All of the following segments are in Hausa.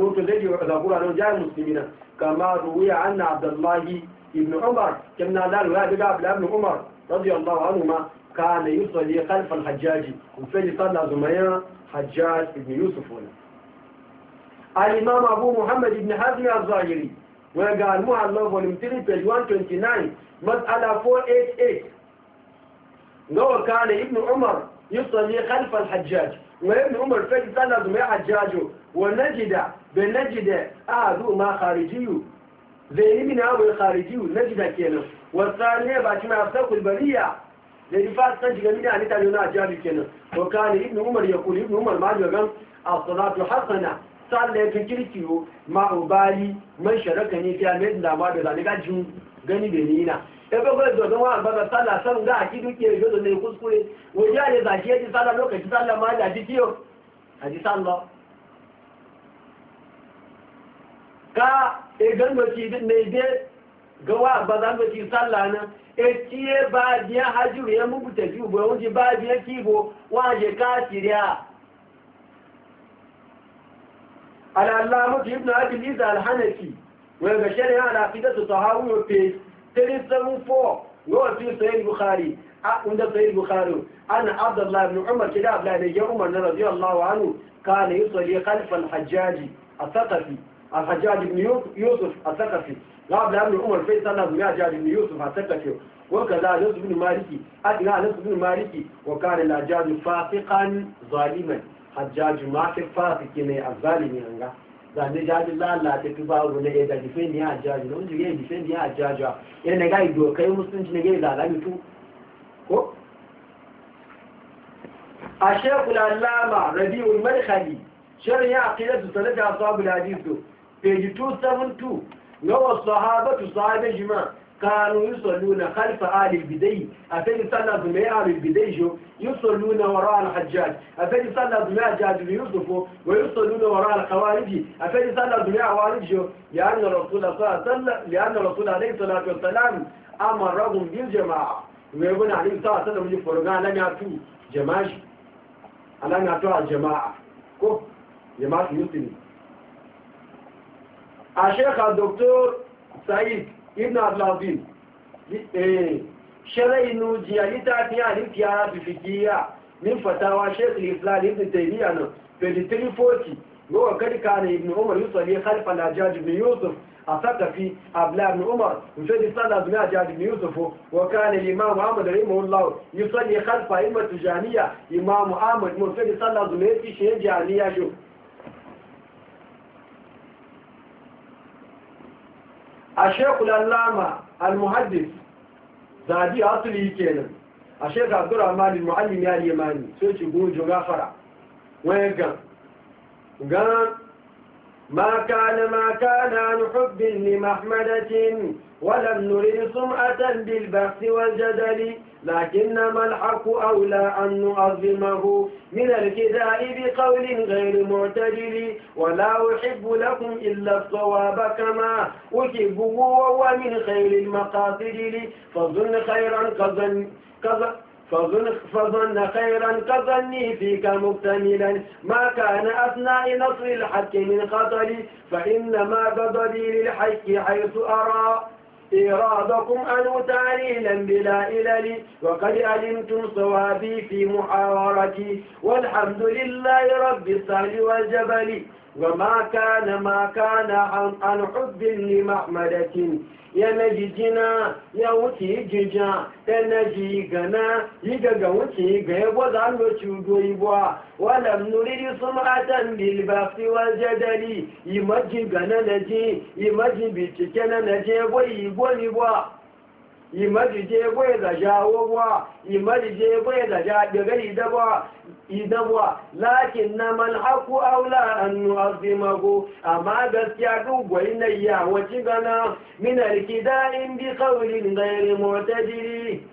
أبوك الذي ذكر أنه جاء المسلمين كما روي عن عبد الله ابن عمر كنا لا نرى بقى عبد ابن عمر رضي الله عنهما كان يصلي خلف الحجاج وفي صلى زميا حجاج ابن يوسف هنا الإمام أبو محمد ابن حزم الظاهري وقال معلم فوليوم 3 page 129 مسألة 488 لو كان ابن عمر يصلي خلف الحجاج وابن عمر فجد صلى مع حجاجه ونجد بنجد اعدو ما خارجي زين من أول الخارجي نجد كينا والثانيه بعد ما أفتقوا البرية لذي فات تجد من أهل تاليونا حجاج كينا وكان ابن عمر يقول ابن عمر ما جوغم الصلاة حقنا صلى في كريكيو مع بالي من شركني في أمد لا ما بذلك جون gani da nina ebe kwa zo don wa'an baga sallah san ga a kidu ke zo ne kuskure waje ya zaki ya ji sallah lokaci sallah ma da ji kiyo a ji sallah ka e gangoci ne be ga wa'an baga gangoci sallah na e tiye ba biya hajjuru ya mugu ta ju ba wuce ba biya kibo waje ka tiriya al'allah mutu ibn abin isa al-hanafi ويبشر على عقيدة الطهاوي في فوق نور في صحيح البخاري أه، عند صحيح البخاري أن عبد الله بن عمر كده عبد الله بن عمر رضي الله عنه كان يصلي خلف الحجاج الثقفي الحجاج بن يوسف الثقفي عبد الله بن عمر في سنة الحجاج بن يوسف الثقفي وكذا نص بن مالكي أدنى نص بن مالكي وكان الحجاج فاسقا ظالما حجاج ما كان فاسق الظالم يعني zane jaji lalata fi baro na ya ga defend ya ajaji na wanda ya defend ya ajaji ya na ga ido kai musulunci na ga lalami tu ko a shekul allama rabi'ul madkhali sharhi aqidatu sanad ashabul hadith page 272 na sahabatu sahabe jima'a كانوا يصلون خلف آل البدي أفل صلى ضماء آل البدي يصلون وراء الحجاج أفل صلى ضماء جاد بن يوسف ويصلون وراء الخوارج أفل صلى ضماء والد لأن الرسول صلى الله عليه وسلم لأن الرسول عليه الصلاة والسلام أمرهم بالجماعة ويقول عليه الصلاة والسلام يفرقان لم يأتوا جماعة لم يأتوا الجماعة كف جماعة المسلمين الشيخ الدكتور سعيد ابن عبد العظيم شرعي نوجيا لتعطيها لفيها بفكية من فتاوى شيخ الإسلام ابن تيمية في الثري فورتي هو قد كان ابن عمر يصل خلف الأجاج بن يوسف أثق في أبلاء ابن عمر وفي الصلاة بن أجاج بن يوسف وكان الإمام أحمد رحمه الله يصلي خلف أئمة جانية إمام أحمد وفي الصلاة بن أجاج بن يوسف الشيخ الألامة المهدف زادي أصلي كينا الشيخ عبد الرحمن المعلم يا اليماني سيتي قول جغافرة وين قام قام ما كان ما كان عن حب لمحمدة ولم نرد سمعة بالبحث والجدل لكنما الحق أولى أن نعظمه من الكداء بقول غير معتدل ولا أحب لكم إلا الصواب كما أحبه وهو من خير المقاصد لي فظن خيرا كظن فظن فظن خيرا كظني فيك مكتملا ما كان أثناء نصر الحق من خطري فإنما بضلي للحق حيث أرى إرادكم أن تعليلا بلا إلل وقد علمتم صوابي في محاورتي والحمد لله رب السهل والجبل وما كان ما كان عن حب لمحمدة yanayi jina ya wuce yi jinja yanayi gana yi gaga wuce ga ya za mu ci ugo ibo a wala nuriri sun adam bilbafi wa zadari yi majin gana naje yi majin bincike na naje yabo yi ibo ibo ìmọ́dìje ẹgbẹ́ ìdàjá da wà ìmọ́dìje da ìdàjá gẹ̀gẹ́ ìdánwà lakin na man haku aula annu azimago amma gaskiya gugwai na yi awon gana gana alkida in bi kawulin gairi motadiri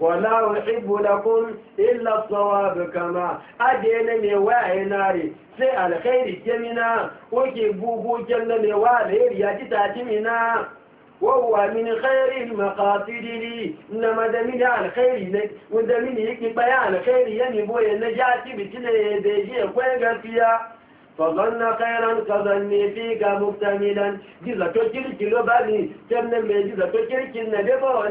wala uhibbu lakum illa as-sawab kama adena me waye nare sai alkhairi kemina ke bubu na me waye ya ji ta timina وهو من خير المقاصد لي إنما دمني على خير لك ودمني يكبي بيان خير يعني بوي نجاتي بتلي يديجي أخوي فيها فظن خيرا كظني فيك مكتملا جزا تشرك لبني تمنى من جزا تشرك كيلو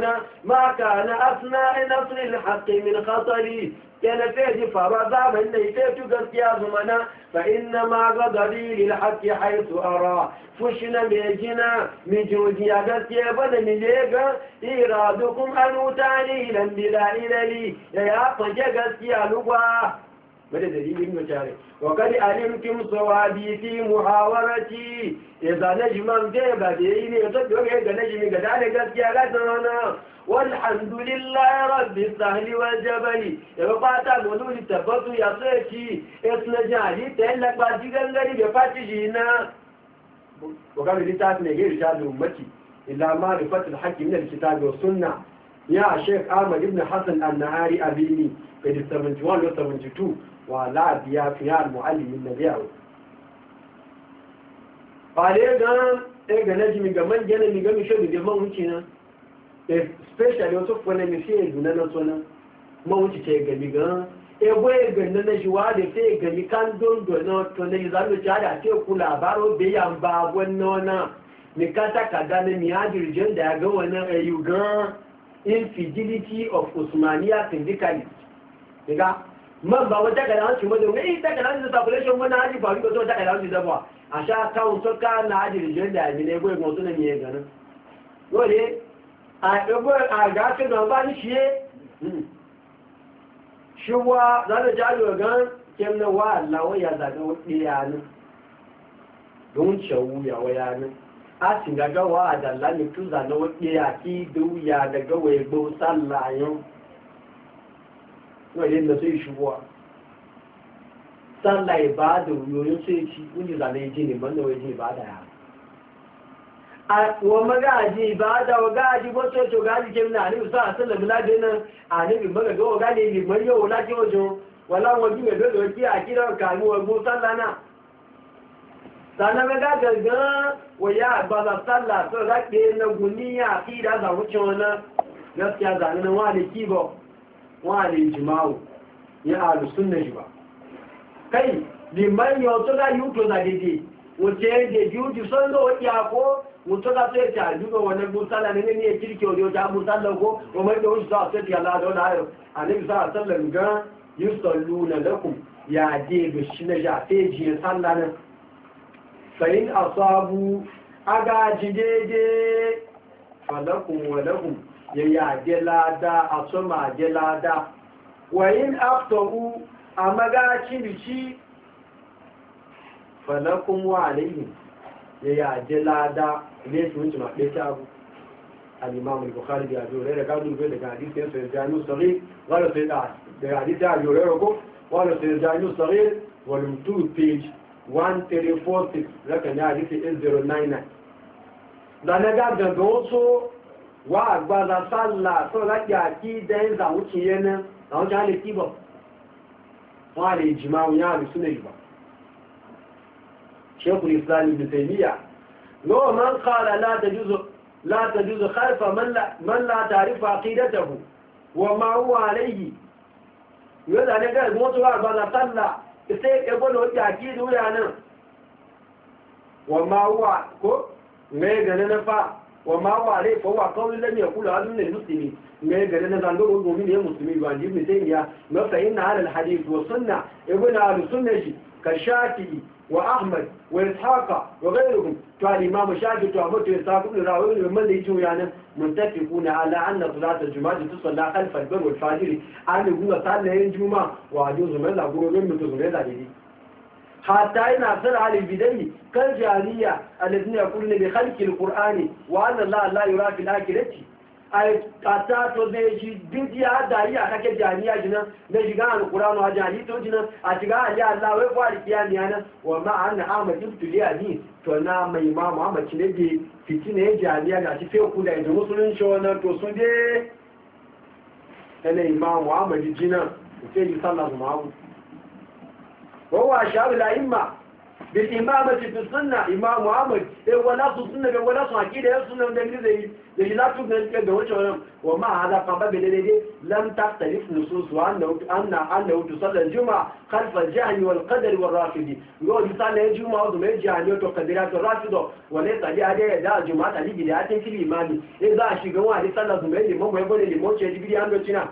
ما كان اصنع نصر الحق من خطري كان فيه فرضا من ليتيت قرسيا زمنا فإنما غضبي للحق حيث أرى فشنا ميجنا مجوزيا قرسيا بدا مليقا إرادكم أنو تاني لن بلا إلي يا فجا قرسيا لقوا بدا دليل ابن جاري وقد علمتم صوابي في محاورتي إذا نجم الجيبة ديني يتبعون إذا نجم قدان قد جاءتنا والحمد لله رب السهل والجبل يبقى تعملوا لتبطوا يا صيتي إثنى جاري تهلك بعد غنغري بفاتي جينا وقالوا لي تعتني غير جاد أمتي إلا ما رفت الحكي من الكتاب والسنة يا شيخ أحمد بن حسن النهاري أبيني page 71 lọ 72 wà láàbí àfihàn almuhalli nàbí àwọn fàdé gan ẹgbẹ̀ náà jí mi gà mọ́n jẹ́nà mi gami ṣẹ́bì dé mọ́n náà especially wọ́n tó fọ́nà mi fi èdè náà tó náà mọ́n wúci tẹ́ gẹ̀mí gan ẹgbẹ́ ẹgbẹ̀ náà ṣe wá lè fẹ́ gẹ̀mí kándóńdó náà tó náà ìzánú ti àdá tí èkú làbárò bẹ́yà ń ba àwọn náà náà mi kátàkàdá ni mi á dìrì jẹ́ ń dà wọn náà ẹ̀yù gan infidelity of osmania syndicalist ga man ba wata kada hanci mazo ne ita kada hanci population mun haji ba ko to ta kada hanci da ba a sha kawo to ka na haji rijiyar da mi ne goyi ko sunan miye ganin dole a dogo a ga ka da ba ni shiye hmm. shi wa za da jalo gan kem na wa Allah wa ya zaga wadi ya ni don cewu ya wa ya ni a tinga ga wa da Allah mi tuza na wadi ya ki du ya daga wai go sallayin wọ́n lọ sí ìṣubú wa sallah ibada yoyo sai ci kuni zane ji ne banda wai ji ibada ya a wa magaji da, wa gaji bo to to gaji ke na ni usa sallallahu alaihi wasallam ani bi maga go gaji bi mayo la ki ojo wala wa ji me do do ki akira ka mu wa go sallah na sana me ga gaga wa ya ba la sallah to ga ke na guniya akira za wuce wannan gaskiya zanen wani kibo wani jima'u ya haru suna shi ba kai liman yau da yi uto na gidi wace yadda yi uto sun zo wa iyako mutu da sai ta duka wani musala ne ne kirki wani ta musala ko kuma mai da za a sai ta yalla da wani a ne bisa a sallan ga yi sallu na lakum ya je da shi na ja sai ji ya salla nan fahim asabu sabu a ga ji daidai falakun wa lakum yẹ̀yà àjẹ́ láadáa àtọ́mọ̀ àjẹ́ láadáa wẹ̀yìn áftọ̀wú àmágáàkìrìṣí fẹ̀lẹ́kún wà lẹ́yìn yẹ̀yà àjẹ́ láadáa ilé ìsìn ìtìmọ̀ pé sáàbù alìmọ̀ ìbùkárí bí àjò rẹ̀ gádùn pé daga àdíṣẹ́ ìfẹ̀ẹ̀dà inú sọ̀rí wọ́n lọ sí ìjà inú volume 2 page 1346 rẹ̀kẹ̀ ní àdíṣẹ́ 8099 lọ́nà gàgbẹ̀gbẹ̀ ó tó wà àgbàzà sálà tó láti àti dẹ́ńzà ń ti yẹn náà làwọn jẹ́ àlè kíbọ̀ wọ́n àlè ìjìmá wọn yáà lùsùn lè jùbọ̀ ṣékù ìsìláàlì bìtẹ̀míyà lọ́wọ́ máa ń kààrà látàjúzọ kálífà mọ́lá tàrífà kídẹ́tẹ̀hù wọ́n máa ń wà lẹ́yìn yóò zà ní gẹ́gẹ́ wọ́n tó wà àgbàzà sálà ìṣe ẹgbọ́n nan wa kí ìdúrà náà wọ́n máa wà wàmà wà lè fọwọ́ àkọọ́lù lẹ́yìn ẹ̀kúlọ̀ adúlé mùsùlùmí mẹ́gẹ̀rẹ́ náà lọ́wọ́ gómìn ní mùsùlùmí wà ní ibi tẹ́yìn ya mẹ́fẹ́ iná rẹ̀ hàdí ìfòsúnnà ewé náà rẹ̀ súnnà jì ka ṣáàkì wa ahmed wa ishaqa wa ghayruhum to al imam shafi to abu to ishaq ibn rawi ibn man yiju yana muntafiqun ala wa hatta yana sar halin bidai kan jariya alladin ya kullu bi khalqil qur'ani wa anna la la yura fil akhirati ai kata to zai shi bidiya da yi a kake jariya jina, da shiga alqur'anu a jani to jina, a shiga ali Allah wai ko kwa alkiyami yana wa ma anna ahmad ibtuliya ni to na mai ma Muhammad ne bi fitine jariya da shi fe ku da idan musulunci wannan to sun je ene imam Muhammad jina, sai yi sallah Muhammad هو أشهر الأئمة بالإمامة في السنة إمام محمد هو لا السنة هو لا أكيد هي السنة من دليل زي زي لا تكون كده وشلون ومع هذا قبل بلدي لم تختلف نصوص وأنه أن أنه تصلى الجمعة خلف الجهل والقدر والرافضي يقول يصلى الجمعة وضم الجهل وتقديرات الرافضة وليس عليه عليه دا الجمعة عليه بداية في الإمام إذا شجعوا عليه صلى ضم الإمام ويقول الإمام شيء بدي أنا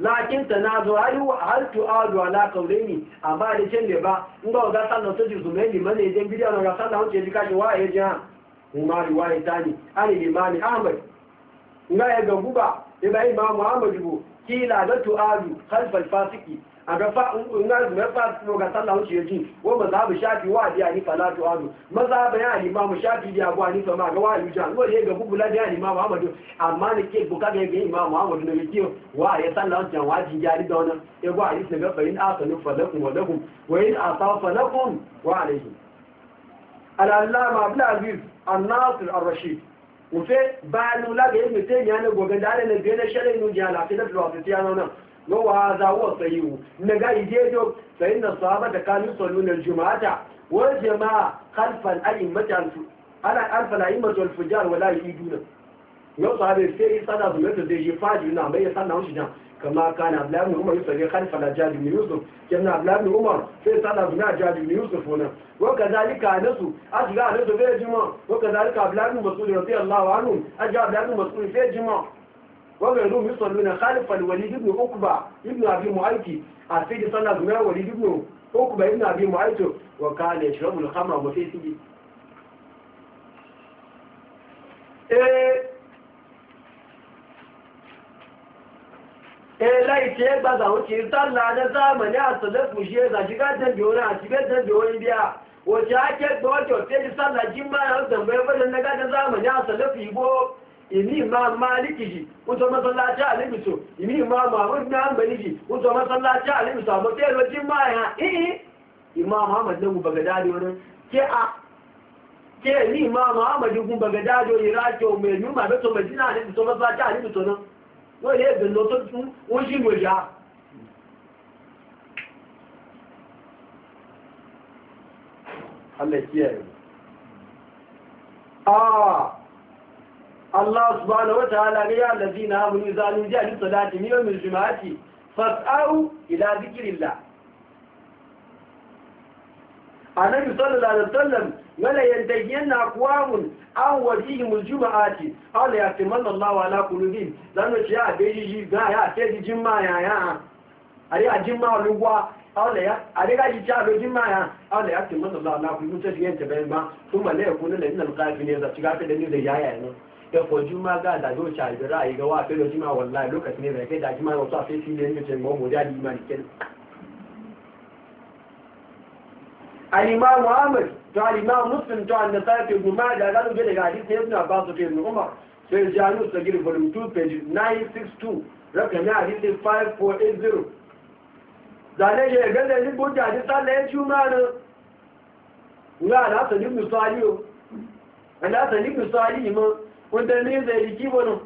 lakin ta na zo har tu'adu ala ni amma da ce ne ba in ga ga sallan ta jisu mai liman ne idan bidiyo na ga sallan wuce ji kashi waye jiha umari waye tani ani limani ahmad in ga ya ga guba ibrahim ma Muhammadu bu kila da tu'adu khalfal fasiki agafa in ga zuwa su ga sallah wuce yaji wa mazhabu shafi wa di ani fala tu adu mazhabu ya imam shafi di abu ni sama ga wa yuja ko ye ga bubula di ani imam ahmad amma ne ke buka ga ga imam ahmad ne ke wa ya sallah wuce wa di jari da wannan e go hadis ne ga fa in asanu falakum wa lakum wa in asaw falakum wa alayhi al-allama abdul aziz an-nasir ar-rashid ufe banu la ga ibn taymiyyah ne go ga dare na ga na shirin nu ji na fi na tuwa fi tiyano nan وهذا هو الصحيح نجا يجيجو فإن الصحابة كانوا يصلون الجمعة والجماعة خلف الأئمة أنا خلف الأئمة yi ولا يجيدون yau sahabe sai yi sada su zai je faji na mai ya sanna wuce jan kama ka na abdullahi umar yusuf ya khalifa na jadi yusuf kin na abdullahi umar sai sada su na jadi yusuf wona wa kadalika nasu asga nasu bai jima wa kadalika abdullahi mas'ud radiyallahu anhu aja abdullahi mas'ud sai jima وغيرهم يصلون خالف الوليد بن عقبة ابن أبي معيط السيد صلى الله عليه وليد بن عقبة ابن أبي معيط وكان يشرب الخمر وفي سجي eh láì tí ẹ gbàgbà ó ti sálà adásáàmà ní àtọ̀lẹ́kùn ṣe ṣàṣígájẹ́bì orin àṣígájẹ́bì orin bí a òjò ajẹ́gbọ́ ọjọ́ tí ẹ ti sálà jí máa ń tẹ̀mọ́ ẹgbẹ́ lẹ́nẹ́gájẹ́sáàmà ní àtọ̀lẹ́kùn ìgbó ìní ìmá máàlìkì yìí ó tọ́ mọ́sánlájá àlébìtò ìní ìmá àwọn ìgbà àmàlì yìí ó tọ́ mọ́sánlájá àlébìtò àmọ́ tí ẹ̀rọ jí máa yàn ìhìn ìmá muhammadu lẹ́gùn a kí ẹ̀ ní ìmá muhammadu gun bàgàdáàdì orin rájọ ọmọ ẹ̀yún màbẹ́ tó mẹ́sínà àlébìtò mọ́sánlájá àlébìtò náà wọ́n lè bẹ̀rẹ̀ lọ tó tún wọ́n sì mọ̀ yá alẹ́ Allah subhanahu wataala ga ya allazina amanu zalu jali salati min yawmil jumu'ati fas'au ila dhikrillah annabi sallallahu alaihi wasallam wala yantajiyanna aqwamun aw wajihim aljum'ati aw la yatimanna Allah ala qulubihim zanu ci a beji ji ga ya ce ji jimma ya ya ari a jimma lugwa aw la ya ari ji ta lo jimma ya aw la yatimanna Allah ala qulubihim ta ji yanta bayan ba kuma la ne da yaya ya kwaji ma ga da zo cha jira ai ga wa fe loji ma wallahi lokacin ne bai kai da jima wasu a fe fi ne ce mu mu da di ma ken al imam Ahmad to al imam Muslim to an nasai ke guma da ga da daga hadisi ibn Abbas to ibn Umar sai janu sagir volume 2 page 962 rakami hadisi 5480 zane je ga da ni boja ji sallaye juma ne ina da sanin misali yo ina sanin misali mu kudane zai yi kimanin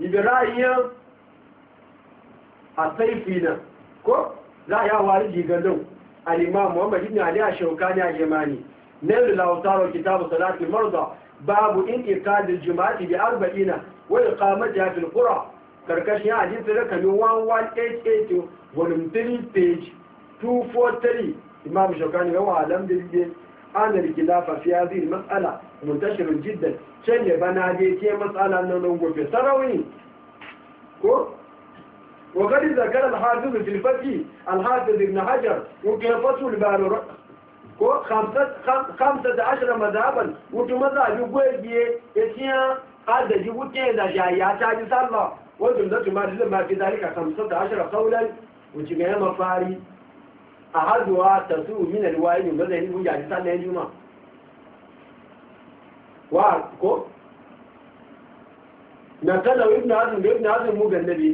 ibirayiyar a saifi na ko za a yawari giganin al'imam muhammad ibn ne a ne a yamani na yi lautaro kitabu salatin marza babu in ikadin jima'i bi arba'ina wani kamar ta fi kura karkashin ya hadisi rakami 11882 volume 3 page 243 imam ne yawa alam da an da rikila fafiya zai matsala منتشر جدا شنو بنادي bana مساله انه matsala في سراوي gobe وقد ذكر الحافظ في الفتي الحافظ ابن حجر وقيفته البارو خمسة عشر مذهبا وتو مذهب يقول يتيا قد يقول دا جايا تاجي صلى وجملة ما ما في ذلك خمسة عشر قولا وتجمع مفاري أحدها تسوء من الوائد ومذهب يقول جايا صلى يجمع wa ko na kala ibn azim da ibn azim mu gannabi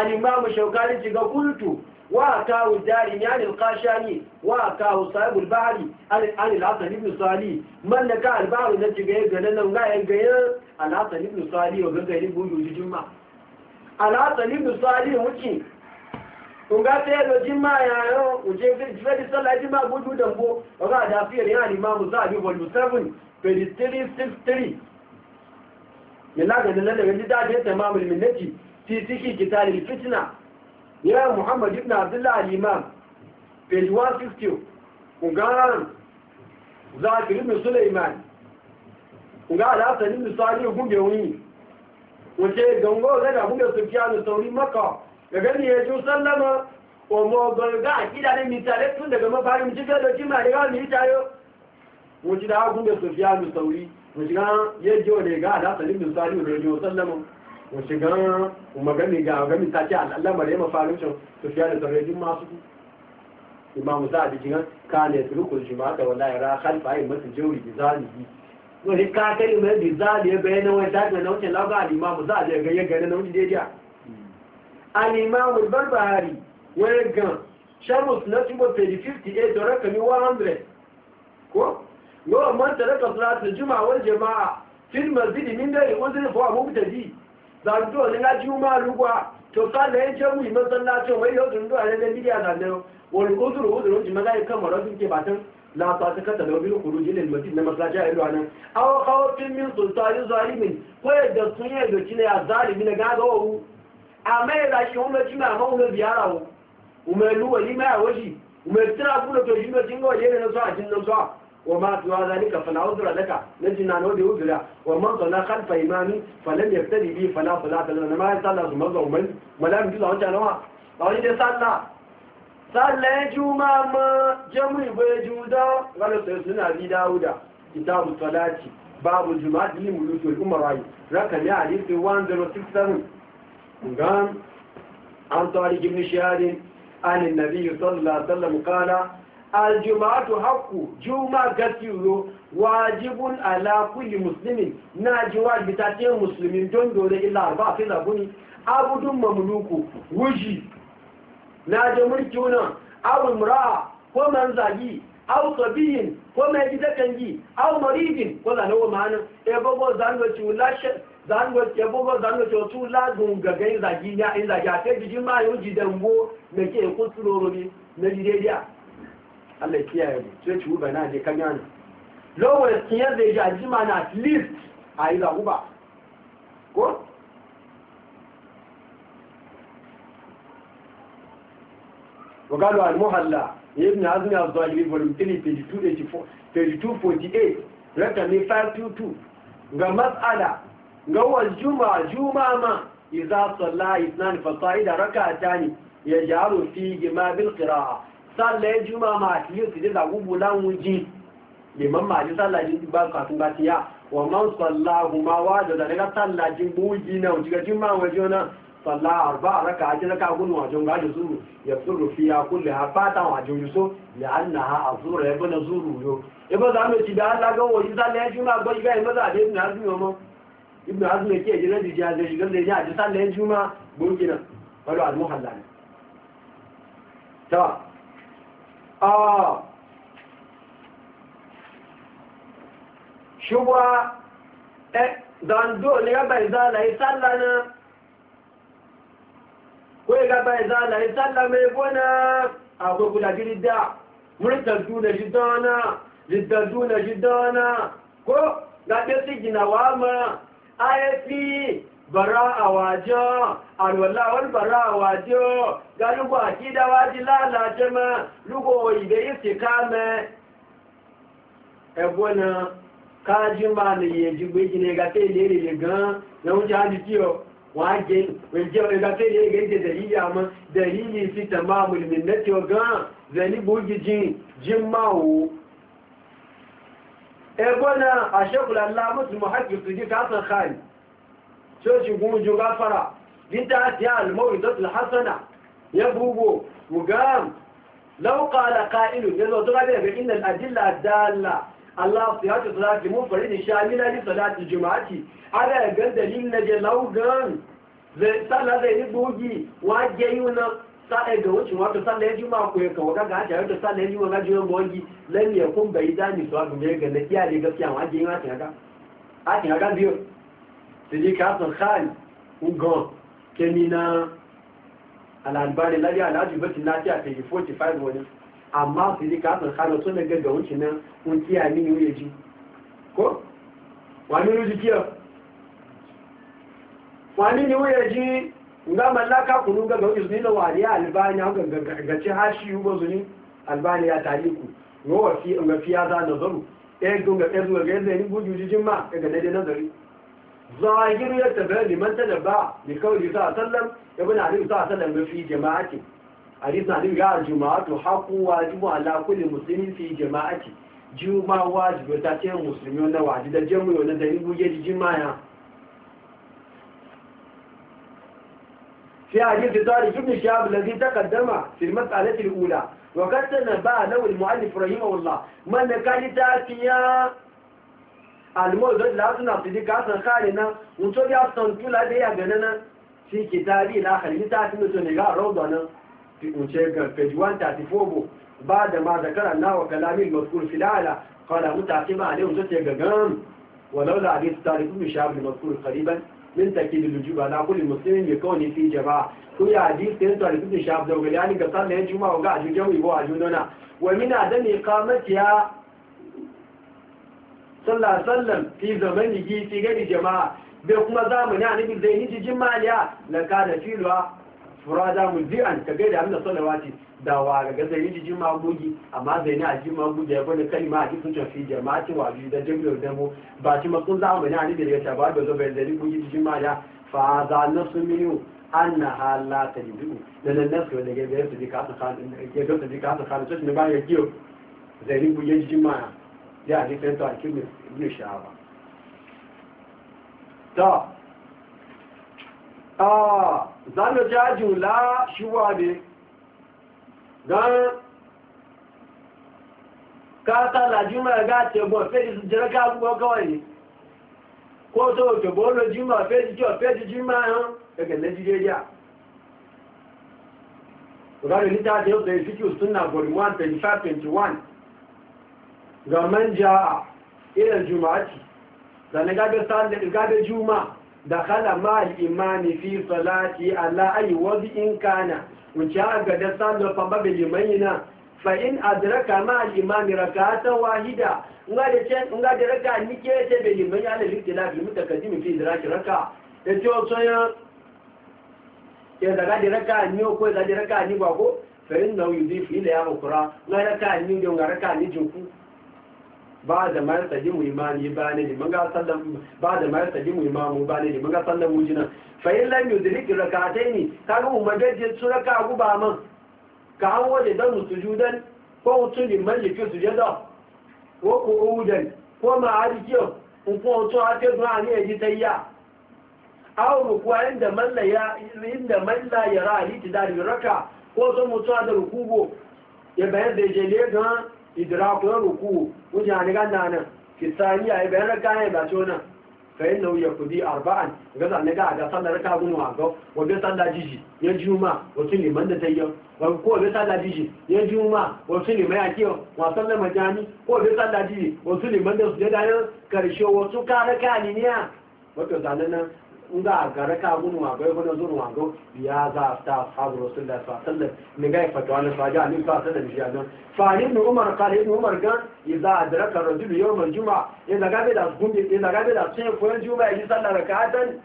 al imam shaukani ci ga kultu wa kawo jari yani al-qashani wa kawo sahibul bahri an al-hasan ibn salih man da ka al na ci ga ganan nan ga yan gayan al-hasan ibn salih wa ga ganin buju jumma al-hasan ibn salih wuce kunga ta yi lojin ya yayo uje fedi sallah ji gudu da ko ga da fiyar yana limamu za a bi volume 7 page ga nan da wani da ya mamu minnati fi siki kitalil fitina ya muhammad ibn abdullah al page 160 kunga zakir ibn sulaiman kunga da sanin misali gumbe wace gango ga da gumbe sufiyanu sauri maka gagani ya ju sallama wa mogarga a kida ne mitare tun daga mafari mu cikin da kima da yawon mita yau mu ji da hagun da sofiya mu sauri mu shiga ya ji wa ga ala salim bin salihu da ya ji sallama mu shiga mu magani ga gami ta ce al'alamar ya mafarin can sofiya da sauri jin masu imamu sa da jigan ka ne turukul jima'ata wallahi ra khalfa ayi masu jawi bi zalihi wani ka kai mai bi zalihi bayanan wai ta ga naucin lauga al'imamu za a je ga ya gani naucin daidai alimamu barbahari wani gan shamus na tubo 58 da rakami 100 ko yawon manta raka salatun juma'awar jama'a fil masjidi min dai uzuri fa abu tadi zanto ne na juma lugwa to kada yace mu yi masallaci wai yau dun duwa ne da bidiya da ne wal uzuru uzuru ji malai kan marabin ke batan la ta ta kada da bil khuruj lil masjid na masallaci ayi duwanan aw khawfin min sultani zalimin amma ya zashi umar cima amma umar biyara wo umar luwa lima ya washi umar tira kuna to shi mutum ga wajen na so a jin na so wa ma tuwa zalika fala قام عن طارق بن شهاد عن النبي صلى الله عليه وسلم قال الجمعة حق جمعة قتل واجب على كل مسلم ناجوا بتاتين مسلمين دون دولة إلا أربعة في لابني عبد مملوك وجي ناجو ملكونا أو امرأة ومن زاجي أو صبي ومن mai أو مريض ولا aw maridin ko da nawa ma'ana zango ke bugo zango ke tu lagun gagai zagi ya in zagi ate biji ma yo ji dambo me ke ku ni na ji dia Allah kiyaye mu sai ci uba na je kan yana lower kiyaye da ya ji ma na at least ayi uba ko وقالوا المهلا ابن عزمي الظاهري فولوم 3 page 284 رقم 522 ga matsala. gawar juma juma ma iza salla isnan fasa'ida rakata ne ya jaro fi gima bil qira'a salla juma ma at least da gugu lan wuji liman ma ji salla ji ba ka tun batiya wa man sallahu ma wada da daga salla ji buji na wuji ga juma wajo na salla arba rakata raka gunu wajo ga da zuru ya zuru fi ya kulli ha fata wajo yuso ya annaha azura ya zuru yo ibo zamu ci da ga wuji salla juma ba ga maza da ibn azmi mo ibn azum yake yaji na jijiya zai shigar da ya ji sallan juma gungi nan wani azu halla ne ta a shugwa eh, zando ne gaba izala yi salla na ko ya gaba izala yi salla mai gona a kwakwula girida murtattu na jidana jiddatu na jidana ko gaɓe su gina wa ma ayafi bara awa wajo alwallawar bara a wajo lugu a kida waji lugu yi si ma na na tí ọ wọ́n á jẹ ìjẹ́ ìgbàtẹ́ ilé rẹ̀ jẹ dẹ̀yí mọ́ fi tàmà mùlùmí ọgán zẹ̀ jí máa wò ebona a shekula Allah musu muhajji su ji kasan khali so shi guju gafara dinta ta al-mawrid al-hasana ya bugo mugam law qala qa'ilun yazo to gabe ga innal adilla dalla Allah sihatu salati munfarid shamila li salati jumu'ati ada sa'ai ga wucin wato sallar juma'a ko ya kawo gaga ta yadda sallar juma'a ga jiran bogi lan ya kun bai dani su abu ne ga na iyali gaskiya ma jin wata ga a tin ga biyo sai ka san khali un gon kemina al-albani ladi alaji bati na ta ta 45 wani amma sai ka san khali to ne ga ga wucin nan un tiya ni ne nga mallaka kunu ga ga izini da wari albani ga ga ci hashi ugo zuni albani ya tariku no wa in ga fi ya za nazaru eh dunga eh dunga ga e zai ni buju jijin ma daga e daidai nazari zahiru ya tabbani man talaba bi kauli sa sallam ibn e ali sa sallam fi jama'ati hadith ali ga juma'atu haqqu wajibu ala kulli muslimin fi jama'ati juma wajibu ta ce musulmi wanda wajibu da jamu wanda da ni buje jijin ma ya في حديث طارق جبن شهاب الذي تقدم في المسألة الأولى وقد تنبأ له المؤلف رحمه الله من كان تاتيا الموضوع لازم نبتدي كاسن خالنا ونتولي أصلا كل هذا يا في كتابي الآخر يتاتي مثل نقاء روضنا في في جوان تاتي فوقه بعد ما ذكر أنه وكلامي المذكور في الأعلى قال متعقبا عليهم تتيا قام ولولا عديد تاريخ من الشعب المذكور قريبا min take da lujuba na kulli muslimin ya kauni fi jama'a ko ya hadisi sai to alifin shaf da ga yani ga sallan juma'a ga ajin jami'i ko ajin nona wa min adam iqamatiha sallallahu sallam fi zamanihi fi gari jama'a bai kuma zamani annabi zai ni jijin maliya la kana filwa furada mudian kaga da annabi sallallahu alaihi da wa daga zai yi jijin magugi amma zai ne a jijin magugi ya gwada kalima a jikin tafi jama'atin wajen da jami'ar damo ba ci makon zamani a nidda daga tabar da zobe zai gugi jijin ma da fa za na su minu an na halata da biyu da nan nasu wanda ya gaya su ji kasa kanu sai ne ba ya kiyo zai yi gugi jijin ma ya a jikin tafi a kimin ibn shahaba ta a zanen jajin la shi wa ne gan kata la lajima ga tegbon feji jere ka gbogbo kawai ne ko to ojobo olojima feji ki ofeji jima han gẹ́gẹ́ lẹ́jíjẹ́ yá ọ̀gáre níta jẹ́ ó tẹ̀yẹ̀ fíkí òsúnnà bọ̀rì 125-21 gọ̀mọ́n jẹ́ ilẹ̀ jùmọ́tí zanigagbe juma da kala ma'al imani fi salati ala ayi wazi in kana wuce ga da sallar famba bai limani na fa'in a diraka ma limani raka ta wahida nga da raka nike ce bai limani ala likti na fi mutu kadimi mafi diraki raka da ce wasu ya ya daga da ni ko ya da raka ni ba ko fa'in na wuyi zai fi ila ya makura nga raka ni da nga raka ni jinku ba da mayar tsaji mu imani ba ne ne maga sallan ba da mayar tsaji mu imamu ba ne ne maga sallan wujina fa in lam yudrik rak'atayn kaga mu magaje su raka guba man ka hawo da dan sujudan ko tun din man yake sujada ko qu'udan ko ma arjiyo in ko to a te du'a ne yaji tayya aw ruku inda man ya inda man la yara ali tidari raka ko to mutu da rukubo ya bayar da jele gan idrakun ruku wujan ni ganda nan kisaniya ya bayan raka ya ba tona kai na ya kudi arba'an ga zanne ga ga sallar ka gunu a ga wabe sallar jiji ya juma wasu liman da ta yi wa ko wabe sallar jiji ya juma wasu liman ya wa sallar majani ko wabe sallar jiji wasu liman da su ya dana karshe wasu kare kani ne wato zanne nan nga gara ka gunu wa bai gunu zuwa go ya za ta sabu rasulullahi sallallahu alaihi wasallam ne ga fata wani faja ni fa sallan shi anan fa ni ibn umar qala ibn umar ga idza adraka rajul yawm al-jum'a idza ga da gumbe idza ga da sai ko juma'a yi sallar rak'atan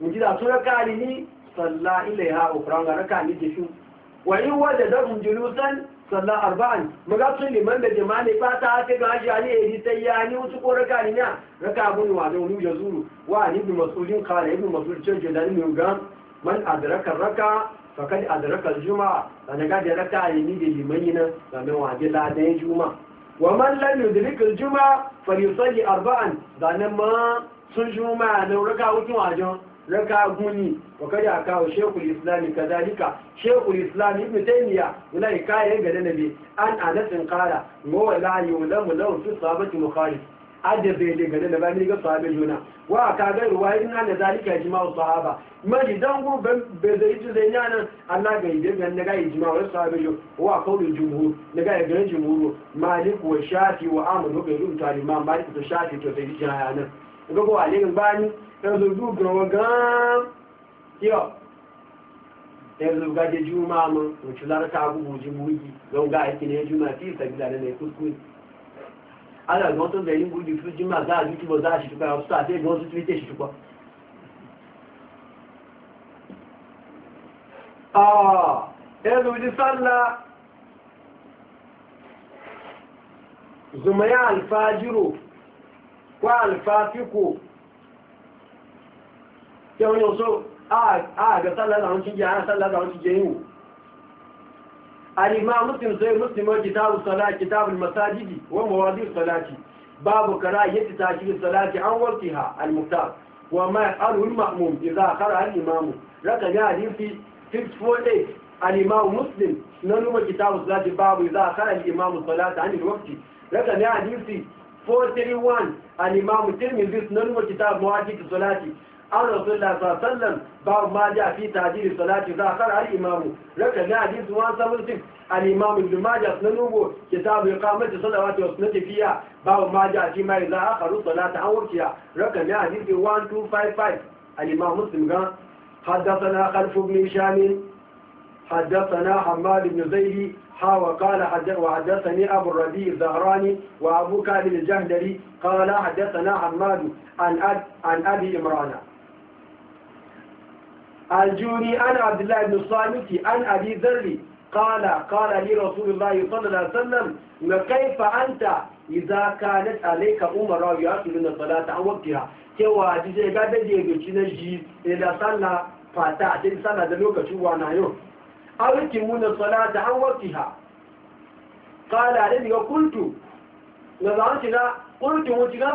mun ji da sura kali ni salla ilaiha ukran ga raka ni ji shu wa in wajada julusan salla arba'an maga sun liman da jama'a ba ta ake ga shi ani eri sai ya ni wasu ko raka ni ya raka mun wa da wani yazuru wa ni bi masulin qala ibn masul ce je dan mu ga man adraka raka kad adraka aljuma dan ga da raka ni da liman da mun wa ji la da juma wa man lam yudrik fa yusalli arba'an dan ma sun juma da raka wutu wajen raka guni wa kada kawo shekul islami kadalika shekul islami ibn taymiya ulai kai ga nabi an anatin qala wa wala yulamu law fi sabati mukhalif adabe ne ga nabi ne ga sahabe juna wa ka ga ruwa an da zalika ijma'u sahaba mali dan gu be da yi da yana Allah ga ide ga daga ijma'u sahabe jo wa kaulu jumhur ne ga jumhur malik wa shafi wa amru ga rubuta talima malik to shafi to sai jaya nan ga ko alin bani ẹzùgbù gọ̀wọ̀ gan-an yọ ẹzùgbà jẹ jùmọ́ àmọ́ òtù lárúkà agbúgbò jù mú yìí lọ́gbà ìkìlẹ̀ jùmọ́ àti ìsẹ̀gbìlà lẹ́lẹ̀ kúrúkúrú alàgbọ́n tó bẹ̀rẹ̀ ìgbò ìdí fún jùmọ́ àgbà àjútùbọ̀ dáa ah, ṣìṣùpá ọ̀tọ́ àti ẹgbọ́n tó tún tẹ̀ ṣìṣùpá ẹzùgbì sálà zùmọ́yà alfájírò kó alfáfíkò tí wọ́n yóò só ààgbẹ̀ sálàlá àwọn jíjẹ àwọn sálàlá àwọn jíjẹ yíò alìmá muslim sai muslim wa kitabu salati kitabu masajidi wa mawadi salati babu kara yati tashi salati an waqtiha al-muqtar wa ma yafalu al-ma'mum idha qara al-imam raka ya hadisi 648 al-imam muslim nanu wa kitabu salati babu idha qara al-imam salati an al-waqti raka ya hadisi 431 al-imam tirmidhi nanu wa kitabu mawadi salati أن رسول الله صلى الله عليه وسلم ما جاء في تعديل الصلاة ذاكر على الإمام لك نعجز وانسان مسلم الإمام ابن ماجة سننوه كتاب يقام مجد صلى فيها باو ما جاء في ما إذا آخر الصلاة عور فيها لك نعجز 1255 الإمام مسلم قال حدثنا خلف بن شام حدثنا حماد بن زيدي ها وقال وحدثني أبو الربيع الزهراني وأبو كامل الجهدري قال حدثنا حماد عن أبي عمران الجوني عن عبد الله بن الصامت عن أبي ذر قال قال لي رسول الله صلى الله عليه وسلم كيف أنت إذا كانت عليك أمراء يأكلون الصلاة عن وقتها cewa ji sai ga da je gaci na ji e da sallah fata a cikin sallah da lokacin wana yau awiki muna salata an waqtiha qala da diga kuntu na zan ci na kuntu mu ci ga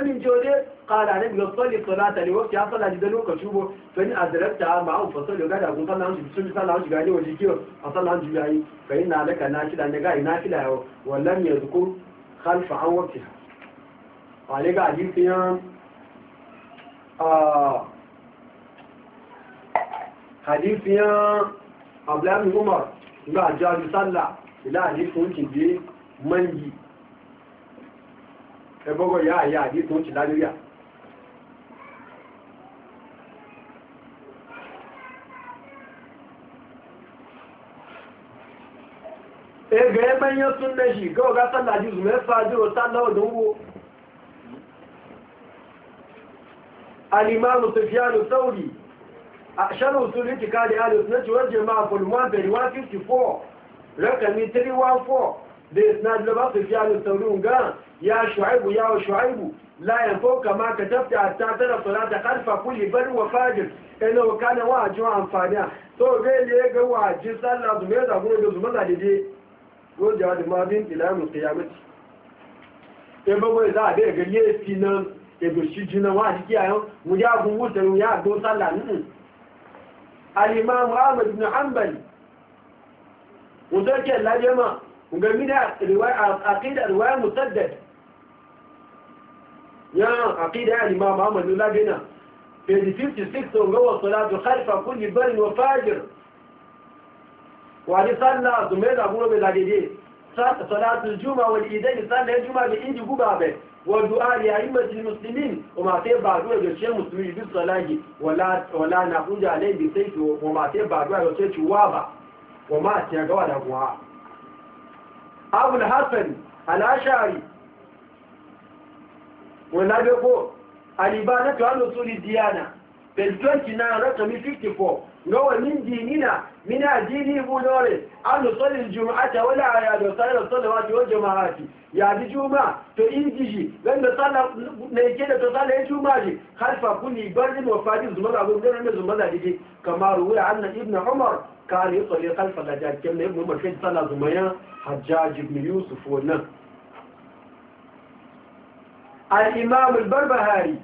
ganin jode kala ne ga soli salata ne wasu ya sala ji da lokaci bo fa ni azrabta ma au fa da ga da kun sala sun sala hanji ga ne waje kiyo fa sala hanji ga fa ina laka nafila ne ga ina fila yo wallan yazkur khalfa an waktiha wale ga hadisi ya ah hadisi ya ablan umar ga jaji sallah ila hadisi kun ki mangi ebogo ya ya hadisi kun ki ega ya manyan sun na shi ga waga sallah ji zuwa fajiro sallah da wo al-imam sufyan al-thawri a sharu suliti kadi al-sunnah wal jamaa kul muhammad 154 rakami 314 da isnad laba sufyan al-thawri ga ya shu'aibu ya shu'aibu la yanfau kama katabta hatta tara salata khalfa kulli bar wa fajir ina kana soja da mazin ilamin kiyamati e bago za a daga gariye fi nan e do shi jina wa jiki a yau mu ja gun wuta ya do sallah nun al-imam Ahmad ibn Hanbal wanda ke lajema ga mina riwaya aqida riwaya musaddad ya aqida al-imam Ahmad ibn Lajena 56 ga wa salatu khalfa kulli barin wa fajr wani sallah su mai zaguro mai lagede salatul juma wani idan sallah juma da inji guba bai wa du'a li a'immatil muslimin wa ma sai ba du'a ga shehu muslimi bi salahi wala wala na kunja alai bi sai to wa ma sai ba du'a ga sai ciwa ba wa ma sai ga wada kuwa Abu al-Hasan al-Ash'ari wala be ko alibana to an usuli 29 rakami 54 نوع من ديننا من ديني بنوري أن نصلي الجمعة ولا عياد وصير الصلوات والجماعات يعني جمعة تؤيدي لأن صلى نيكيدة تصلي الجمعة خلف كل برد وفادي زمان أبو من زمان دي كما روي عن ابن عمر كان يصلي خلف الحجاج كما ابن عمر كان صلى زمان حجاج بن يوسف ونا الإمام البربهاري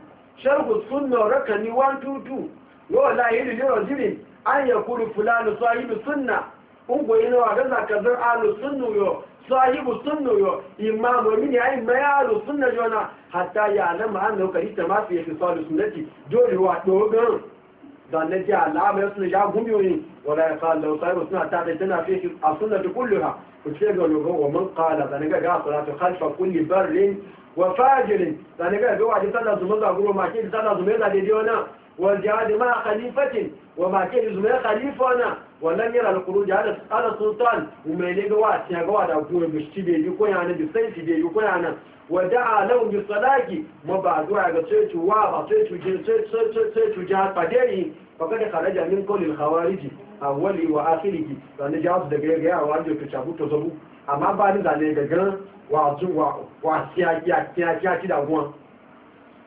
شرق السنة ركني 1 2 يقول لا يلي لرجل an ya kuru fulani sahibu sunna ungo yana wa gaza kazar alu sunnu yo sahibu sunnu yo imamu min ya imma ya alu sunna jona hatta ya alama an lauka ita ma fi yake salu sunnati dole wa dogon zanne ji alama ya sunna ya gumi yoyi wala ya kala lau sahibu sunna ta da tana fi yake a sunna ta kulluha ku ce ga logo wa man kala zanne ga ga salatu khalfa kulli barrin wa fajirin zanne ga ga wa ji sallah zuma za guro ma ki sallah zuma za daidai wannan والجهاد مع خليفة وما كان يزمي خليفنا ولم يرى الخروج على على السلطان وما يلقوا سيقوا دا كو بشتي يكون انا بسيف يكون انا ودعا لهم بالصلاة ما بعد وعد سيت وابا سيت سيت سيت سيت جهاد بدري فقد خرج من كل الخوارج أولي وآخره فأنا جاوز دقيقة يا وارجو تشابو تزبو أما بعد ذلك وعزو وعسيا كيا كيا كيا كيا كيا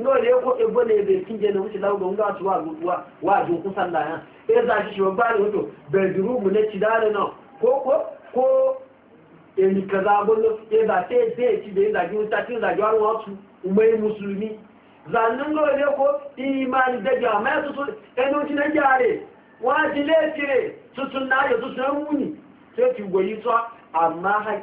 ngo le ko ebo ne be kinje no mushi lawo ngo atu wa wa wa ju ku ya e za shi wa bari wato bedroom ne ci dare no ko ko ko e ni kaza bollo e da te te ci de da ju ta ti da ju wa tu umai musulmi zannan ngo le ko imani da ja ma su e no jare wa ji le na yo su ti so amma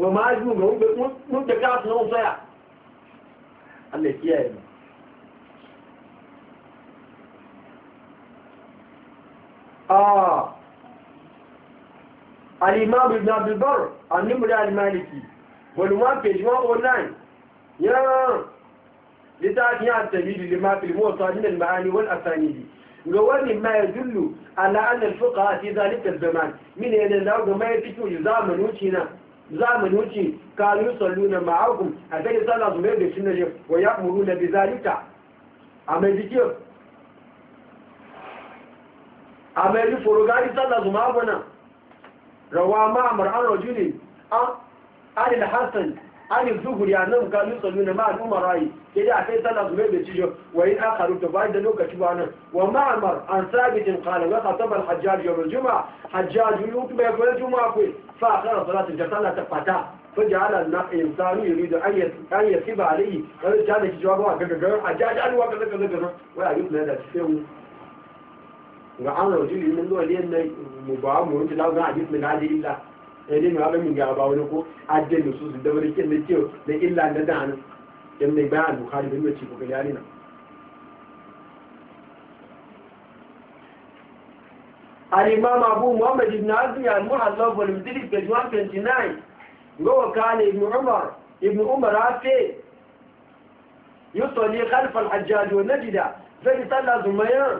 wọ́n máa jù mọ́ الإمام ابن عبد البر النمر المالكي ولما في جماعة أونلاين يا لتأتي يا تبيل لما في الموصى من المعاني والأسانيد وقال ما يدل على أن الفقهاء في ذلك الزمان من أن الله ما يفتح يزامن وشينا zamani wuce kalu salluna ma'akum a take sallah su mai da shi ne wa ya muru na bizalika a mai jikiyo a mai ji foro gari sallah su ma'abuna rawa ma'amar an rajuli an alil hassan an zuhuri a nan kalu salluna ma'al umarayi ke da kai sallah su mai da cijo wa in akharu to bai da lokaci ba nan wa ma'amar an sabitin qala wa khataba al أن yawm al jum'a hajjaj yutu bai ko jum'a ko fa akhara salat al jama'a ta fata فجعل الإنسان يريد أن يسيب عليه قال جعل جوابه وقال أجاج أنا وقال لك لك أن هذا الشيء وعن رجل من دول لأن مباهم وانت لا أجيب من هذه إلا يعني ما من قابعونكو عدل نصوص الدولة كنتيو لإلا ندعنا yan mai bayan al-bukhari bin wace kuka yari na al-imam abu muhammad ibn azmi al-muhallab wal page 129 gowa kana ibn umar ibn umar afi يصلي خلف الحجاج والنجدة زي طلع زميان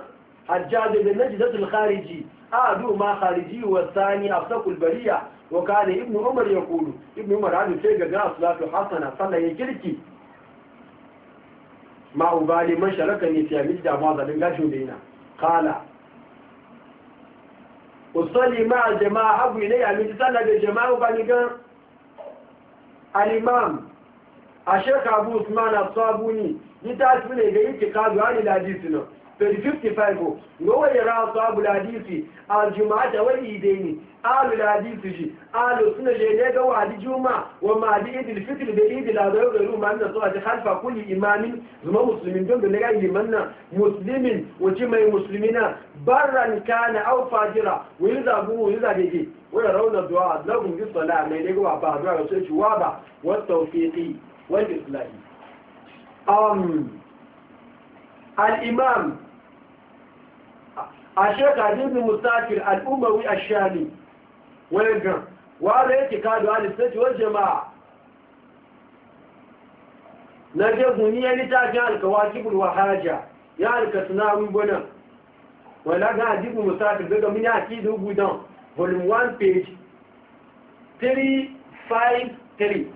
حجاج بالنجدة الخارجي أهدوما خارجي والثاني أفسق البرية وكان ابن عمر يقول ابن عمر هذا شيء قال صلاة حسنة صلى يكلكي ma ubali man sharaka ni fi amil jama'a zalin gashin bina qala usalli ma jama'a abu ilay amil sallah da jama'a bani gan al imam ashaka abu usman asabuni ni ta tune ga yake kazu ani ladisi no 55 هو يرى أصحاب الحديث الجمعة والإيدين آل الحديث جي آل السنة جينيك وعد جمعة وما دي إيد الفكر دي إيد الأدوية وغيره ما أن صلاة خلف كل إمام زمان مسلمين دون بلغا يمنا مسلم وجمع مسلمين برا كان أو فاجرا ويزا قوه ويزا جيجي ويرون الدعاء لهم بالصلاة ما يلقوا أبا دعاء وسيش وابع والتوفيقي والإصلاحي أم الإمام a shekaru bin musafir al'ummawi a shani wani gan wanda yake kado alistaci wajen jama'a na jaguni ya littafin alkawa jibin wahaja ya alka suna wibunan wanda ga jibin musafir daga mini a kidin gudan volume 1 page 353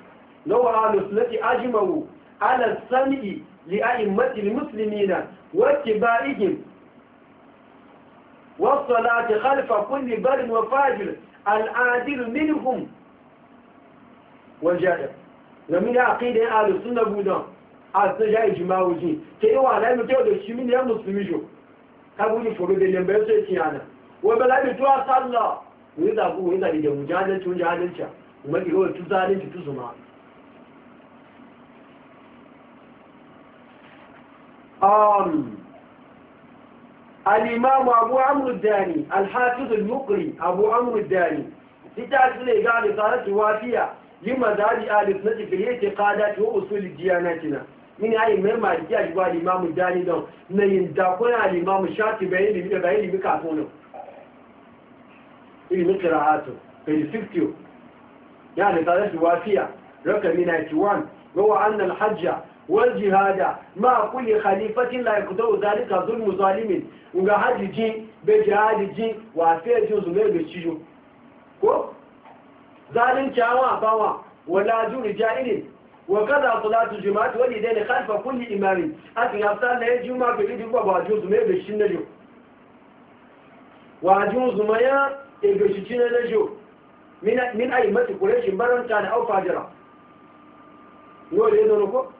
na wahala sunati ajimawu ala sami li'a'immatin musulmina wacce ba'igin والصلاة خلف كل بر وفاجر العادل منهم والجائر ومن عقيدة أهل السنة بودان أستجاء إجماع وجين كيوا لا يمتعوا دشمين يا مسلمي جو كابوني فورو دي لمبيو سيتيانا وبلا يمتعوا صلى وإذا أقول وإذا لدي مجادل تنجادل شا وما يقول تزالين تتزمع آمين الإمام أبو عمرو الداني الحافظ المقري أبو عمرو الداني لتعرف لي قال إطارة وافية لمذهب آل السنة في الاعتقادات وأصول دياناتنا من أي مما يجب الإمام الداني دون نين على الإمام الشاطي بين لي بين لي بكافونه إلي مقراءاته في السفتيو يعني إطارة وافية رقم من 91 هو أن الحجة والجهاد مع كل خليفة لا يقدر ذلك ظلم ظالم nga haji ji be jihadi ji wa fe ji zume be cijo ko zalin chawa bawa wala juri jailin wa kada salatu juma'at wali dai khalfa kulli imam ati yafta la juma be di ba ba ju zume be shin jo wa ju zuma ya e be shin na jo min min aimati quraish baranta da au fajira no le no ko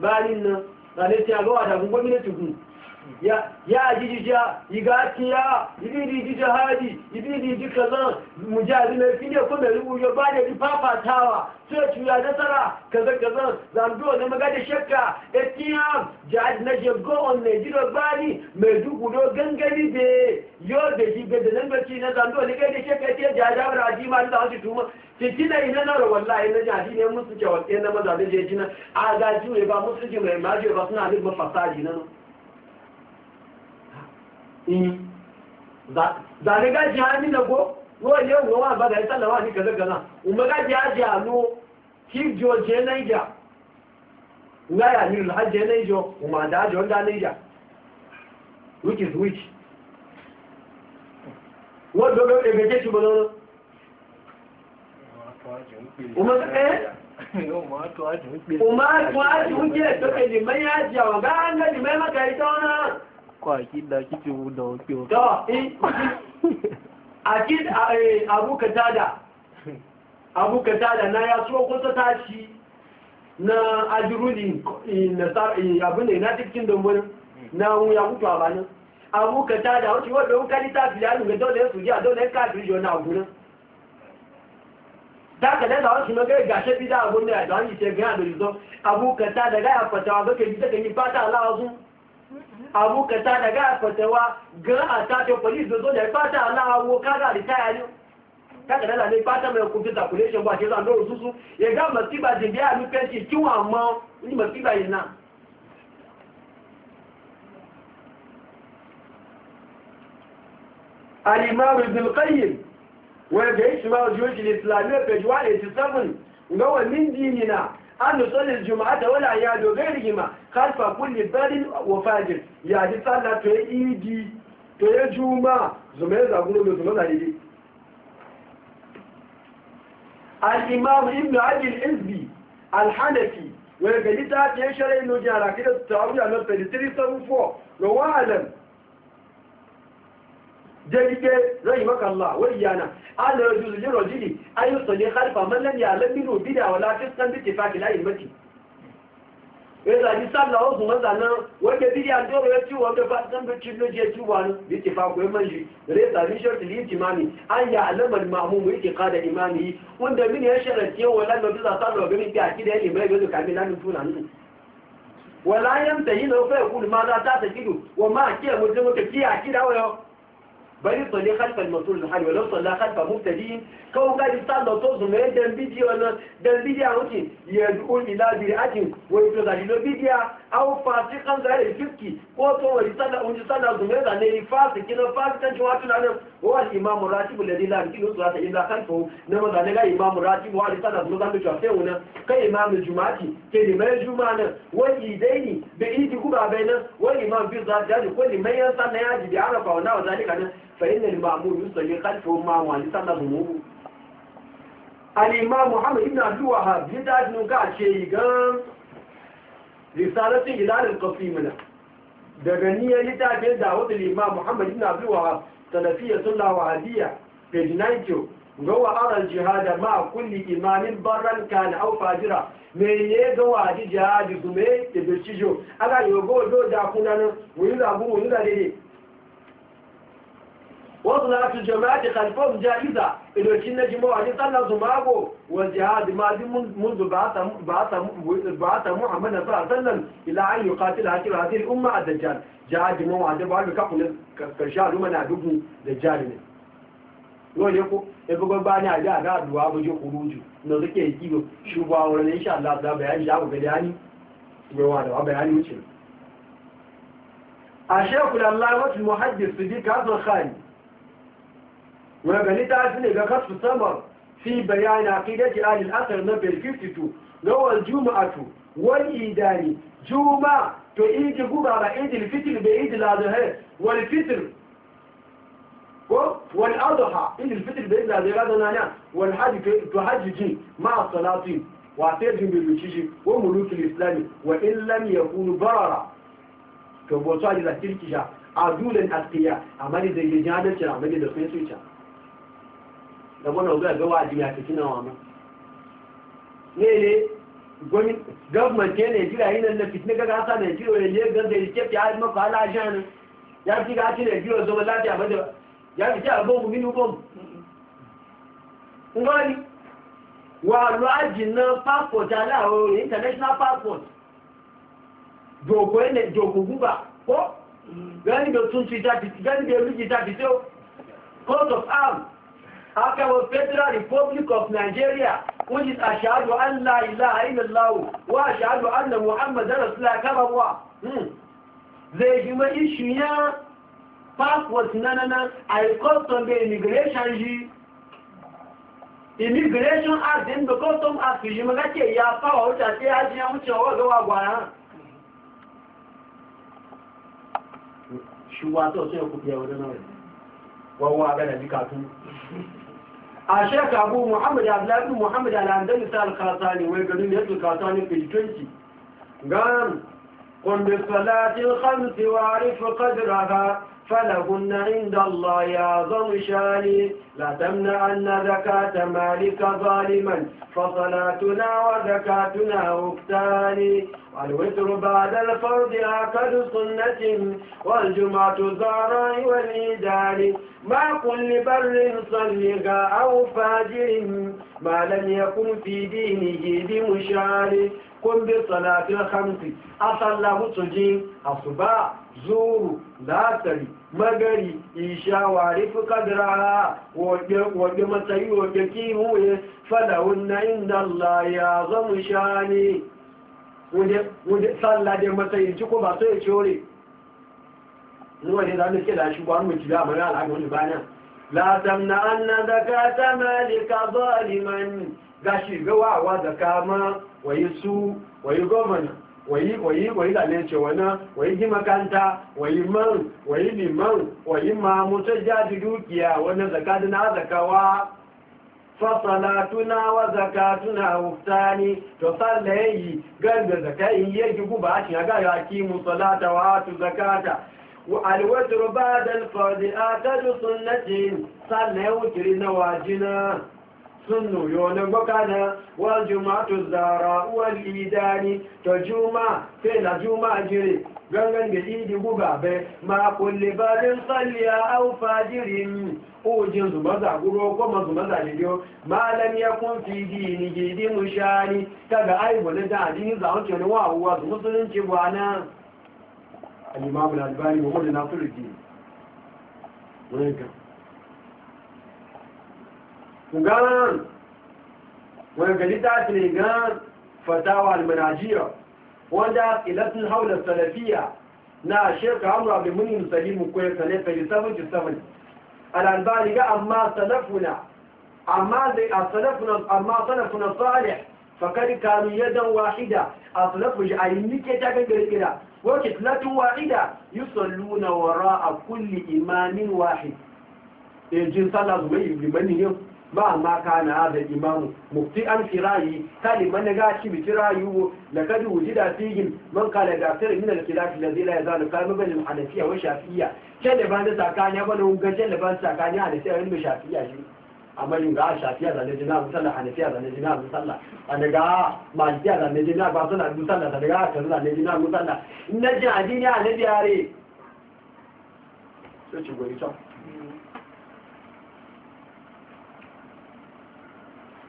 bayanin nan ranar ta yaga wada mun gwamnati gun ya ya jijija igatiya ibiri ji jihadi ibiri ji kazan mujahidin fi ne kuma rubu ya ba da fafatawa sai cuya nasara kaza kaza zanduwa na maga da shakka etiyam jihadi na je shego on nigeria bani mai dugudo gangani da yo da ji ga da nan gaci na zanduwa ne ga da shakka etiyam jihadi abin raji ma da wasu tuma fitina ina na rawar layi na jihadi ne musu kyawar tsaye na maza da jejina a ga mai ba musu ji mai maji ba suna nufin fasari na nan Eh, zane gaji hannu na go ruwan yau ruwa ba da ya tallawa ni kaza gaza umar gaji haji a lo chief george niger nga ya ni hajji niger umar da haji wanda niger which is which wọ́n dọ́dọ́ ẹgbẹ̀jẹ́ ti bọ́lọ́rọ́ umar ẹ́ umar kwakila kike wuda wakewa to akid abu katada abu katada na ya so kusa tashi na ajiruli abu ne na cikin domin na ya mutu a banin abu katada wacce wadda wuka ni tafi ya nuna dole ya suji a dole ya kafin yau na abu nan daga nan da wasu na gari gashe bida abun da ya da wani ce gina da rizo abu katada ga ya fata wa zaka yi zaka yi fata alawa sun abu ka ta daga fatawa ga a ta ta police da zo da fata Allah wo ka ga ritaya ne ta ga dala ne fata mai ku fita calculation ba ke za ndo susu ya ga masiba din biya ni pension ki wa ma ni masiba yin na al-imam ibn al-qayyim wa da isma al-juyush al-islamiyya page 187 ngawa min dinina an nusalli juma'ata wala ya dogari gima kalfa kulli barin wa fajir ya ji sallah to ya idi to ya juma zuma ya zagulo mai zuma zalili al-imam ibn abi al-izbi al-hanafi wa ga litafi sharai nujara kida ta'awuda na 3374 wa jẹ́gbẹ́ rẹ̀yìn mọ́kànlá wẹ́yàna alẹ́rẹ̀jùlù yẹ́rọ̀ jílì ayúsọ̀ ní kálífà mọ́lẹ́ni alẹ́bínú bídà wọlá tí sẹ́ndì ti fàkì láyé mẹ́tì ìrìnàjí sáàlá ọ̀gùn mọ́ta náà wọ́n jẹ́ bídà tó rẹ̀ tí wọ́n a sẹ́ndì tí ló jẹ́ tí wà ní ti fàkù ẹmọ́ yìí rẹ̀ tàbí ṣọ́ọ̀tì lè ti máa ní ayà alẹ́mọ̀ ni màmú mú ìkẹ̀kọ́ adẹ̀ ni máa nìyí wọ́n dẹ̀ mí ni ẹ ṣẹlẹ̀ tí wọ́n lẹ́nu bí sàtàlọ̀ ọ̀gbẹ́ mi pé àkídẹ́ ẹ̀ lè mọ́ ẹgbẹ́ tó kàmí lánàá fún lánàá wọ́n láyé ń tẹ̀yìn lọ fẹ́ òkú ni máa dá tá فيفضل ليه خلف المنصور الحالي ولا يفضل لا خلفه مبتدين كو قاعد يطلع لو تظن ايه ده الفيديو ولا ده الفيديو عاوزين يقول لي لا دي ادين ويفضل لي الفيديو او فاسقا غير الفكي هو تو يطلع وني طلع زمره ده اللي فاسق كده فاسق كان جوات انا هو الامام الراتب الذي لا يمكن صلاة الا خلفه انما ده لا امام الراتب هو اللي طلع زمره ده مش عارفه هنا كامام الجمعه كده ما الجمعه انا وايديني بايدي كوبا بينه والامام في ذات كل ما يصنع يعني بيعرف او نوع ذلك انا فإن المأمون يصلي خلفه ما وان سنظمه الإمام محمد بن عبد الوهاب يدعج نقع شيء قام رسالة هلال القصيمنة دغنية لتابع دعوة الإمام محمد بن عبد الوهاب سلفية الله وهدية page 90 gawa aral jihada ma kulli imamin barran kan au fajira me ye gawa ji jihadi zume ke bishijo aga yogo do da kunan wuri da bu wuri da dede وضلع في الجماعة خلفهم جائزة إنه يشين جمعه أن يطلع زماغه والجهاد ما دي منذ بعث محمد صلى الله عليه وسلم إلى أن يقاتل هاتف هذه الأمة الدجال جاء جمعه أن يبقى لك أقول كرشال ومن أدبه دجال منه لو يقول يبقى باني أجاء لا دواء بجو خروج نذكي يجيب شبا ورن إن شاء الله لا بيان جاء وبداني بيوانا وبداني وشل أشيخ الله المحدث في ذلك هذا الخاني وقال تعرف إنه كشف الثمر في بيان عقيدة آل الأثر نبل 52 لو الجمعة والإيدان جمعة تعيد قبع عيد الفتر بإيد الأضحى والفتر والأضحى إيد الفتر بإيد الأضحى هذا نانا والحج تحججي مع الصلاة وترجم بالوشيش وملوك الإسلام وإن لم يكونوا بررا كبوصاج إلى تركيا عدولا أتقيا أمالي زي جانب كرامل دخلت ويشا da wani ogun ẹgbẹ́ wà dìyà tìtì náà wọn mọ́ nílé gọ́ọ̀mẹ̀ntì nàìjíríà yìí lẹ́lẹ́ fìtì nígbà gáàsà nàìjíríà rẹ̀ lé gẹ́gẹ́ ìṣẹ́ fi àìmọ́kọ̀ aláṣẹ́ ni yá fi ká sí nàìjíríà ọ̀zọ́ láti àbọ́jọ yá fi sí àbọ́mù nínú bọ́ọ̀mù ngọ́ni wà lọ àjìnà passport aláàrọ̀ international passport jòkó ẹ̀lẹ̀ jòkó gúgbà kó mm. gẹ́gẹ́ tún ti jáde gẹ́gẹ́ lójì jáde tó court of arms Akawo Federal Republic of Nigeria, which is ashadu an la ilaha illallah wa ashadu anna Muhammadan Rasulullah kama wa. Hmm. Zai shi ma ishu ya passport na na na a custom da immigration ji. Immigration Act din da custom act shi ma kake ya fawa wuce sai ya ji ya wuce wa gawa gwara. Shi wato sai ku biya wani nawa. Wawa ga da jikatun. أشاك أبو محمد أبلا أبو محمد على أندن سال خاصاني ويقدم يدل خاصاني في الكنسي قام قم بالصلاة الخمس وعرف قدرها فلهن عند الله أعظم شان لا تمنعن زكاة مالك ظالما فصلاتنا وزكاتنا وقتان والوتر بعد الفرض أكد سنة والجمعة زهراء والإيدان ما كل بر صلغا أو فاجر ما لم يكن في دينه بمشار kóńdé sọ̀lá àti ọ̀kánùtì asala mútùjí asuba zúúrù látàrí magari ìṣàwà rífú kádìrá wọ̀gbẹ̀ matayi wọ̀gbẹ̀ kí wúye fada na inda láyà zọmù ṣáni sàlá dẹ matayi tí kó bá tó èkí orí níwọ̀n ìdá ní kílá ṣùgbọ́n mú jìlá àmàrà alágbọ́n ìbáyà malika zaliman gashi gawa wa ma. wayi su wayi governor wayi wayi wayi lalejo wana wayi jimakanta wayi man wayi liman wayi mamu ta jadi dukiya wani zakatu na zakawa fasalatuna wa zakatuna uftani to sallayi ganda zakai yaji guba a cikin ga ya ki musallata wa tu zakata والوتر بعد الفرد آتد سنة صلى وتر نواجنا sunnu yonin bakana wal jumatu zara wal idani to juma sai na juma jire gangan da idi guga bai ma kulle barin tsalliya au fajirin ujin zuba zaguro kuma zuba zalibiyo malam ya kun fi dini gidi mushani kaga ai wani da adini za wuce ni wa uwa su musulunci فقال وقال لي تعرف الهجان فتاوى المناجير وقال إلى الهولة الثلاثية نا الشيخ عمر عبد المني المسلم وكوية ثلاثة يسمون جسمون الانبالي قال أما صنفنا أما صنفنا أما صنفنا صالح فقال كانوا يدا واحدة أصنفوا جعلينيك يتاقن قريبنا وكثلة واحدة يصلون وراء كل إيمان واحد إيه يجي صلى الله عليه وسلم ma ma kana da imamu mufti an firayi kaliman na gashi bi firayu la kad wujida fihim man kala da akthar min al khilaf alladhi la yazalu qalu bil hanafiya wa shafiya ke da ban da sakanya ba don gaje da ban sakanya da sai yin shafiya shi amma yin ga shafiya da najina musalla hanafiya da najina musalla an ga malikiya da najina ba suna musalla da ga kaza da najina musalla najina dini a najiyare sai ci gori ta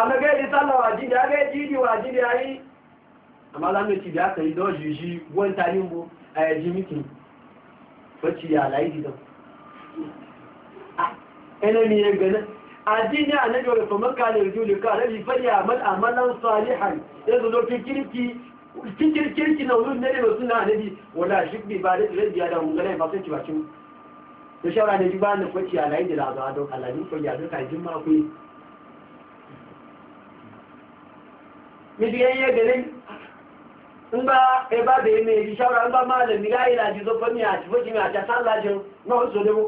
àmẹ́gẹ́lì sálọ àjíjẹ́ agẹ́jì ìwàjíjẹ́ ayé àmàlámẹ́tì bí àtẹ̀ ìdọ́jì yí wọ́n ta ní mú ẹ̀ẹ́jì mítìn wọ́tí àlàyé dìdọ̀ ẹnẹ́mi ẹgbẹ̀lẹ́ àjíjẹ́ ànẹ́jọ́ rẹ̀ fọ̀mọ́ká lè rí olùkọ́ àrẹ́bí fẹ́yà àmàlá ń sọ àléhàn ẹzọ́ ló fi kíríkì kirki na wurin nare wasu na anabi wala shi bi ba da tsirai biya da mungana ya fasu ciwacin da shawara da ji ba na kwaci a layi da lazawa níbi ẹyẹ gẹ̀rẹ́ ńgbá ẹbá bèé mi èdè ṣáwọ́ra ńgbá máa lè mi láyé ìlàjì tó fẹ́ mi àti fójì mi àti àtàlájẹ náà sọ léwó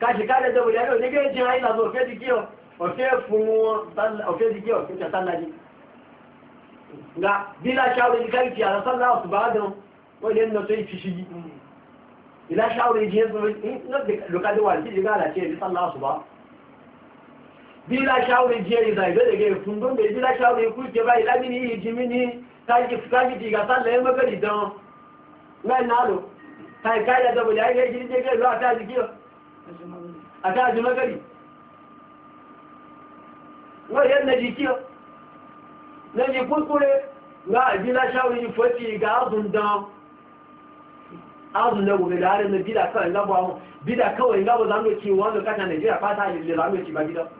káṣì káṣì tẹ́wọ̀ yẹ́rọ ní kéè jẹ́ àìlànà òfẹ́ di kí ọ òfẹ́ fún wọn òfẹ́ di kí ọ fún àtàlájẹ nga bí láṣáwọ́ ìdí káyì ti àlàsánlá ọ̀tùbáàdàn wọ́n lè nà tó ìfiṣi yìí ìláṣáwọ́ ìdí ẹ̀ bila shauri jeri za ibe dege fundun be bila shauri ku ke bai lami ni jimi ni ta ki fuka ki diga ta le ma gari don ngai nalo ta kai da dabo ya ga jiri dege lo ata ji kiyo ata ji ma gari ngai yan na ji kiyo na ji kurkure na bila shauri foti ga azun don azun da gobe da harin na bila kawai ngabo bida kawai ngabo zamu ci wanda kata Najeriya fata ne zamu ci ba gidan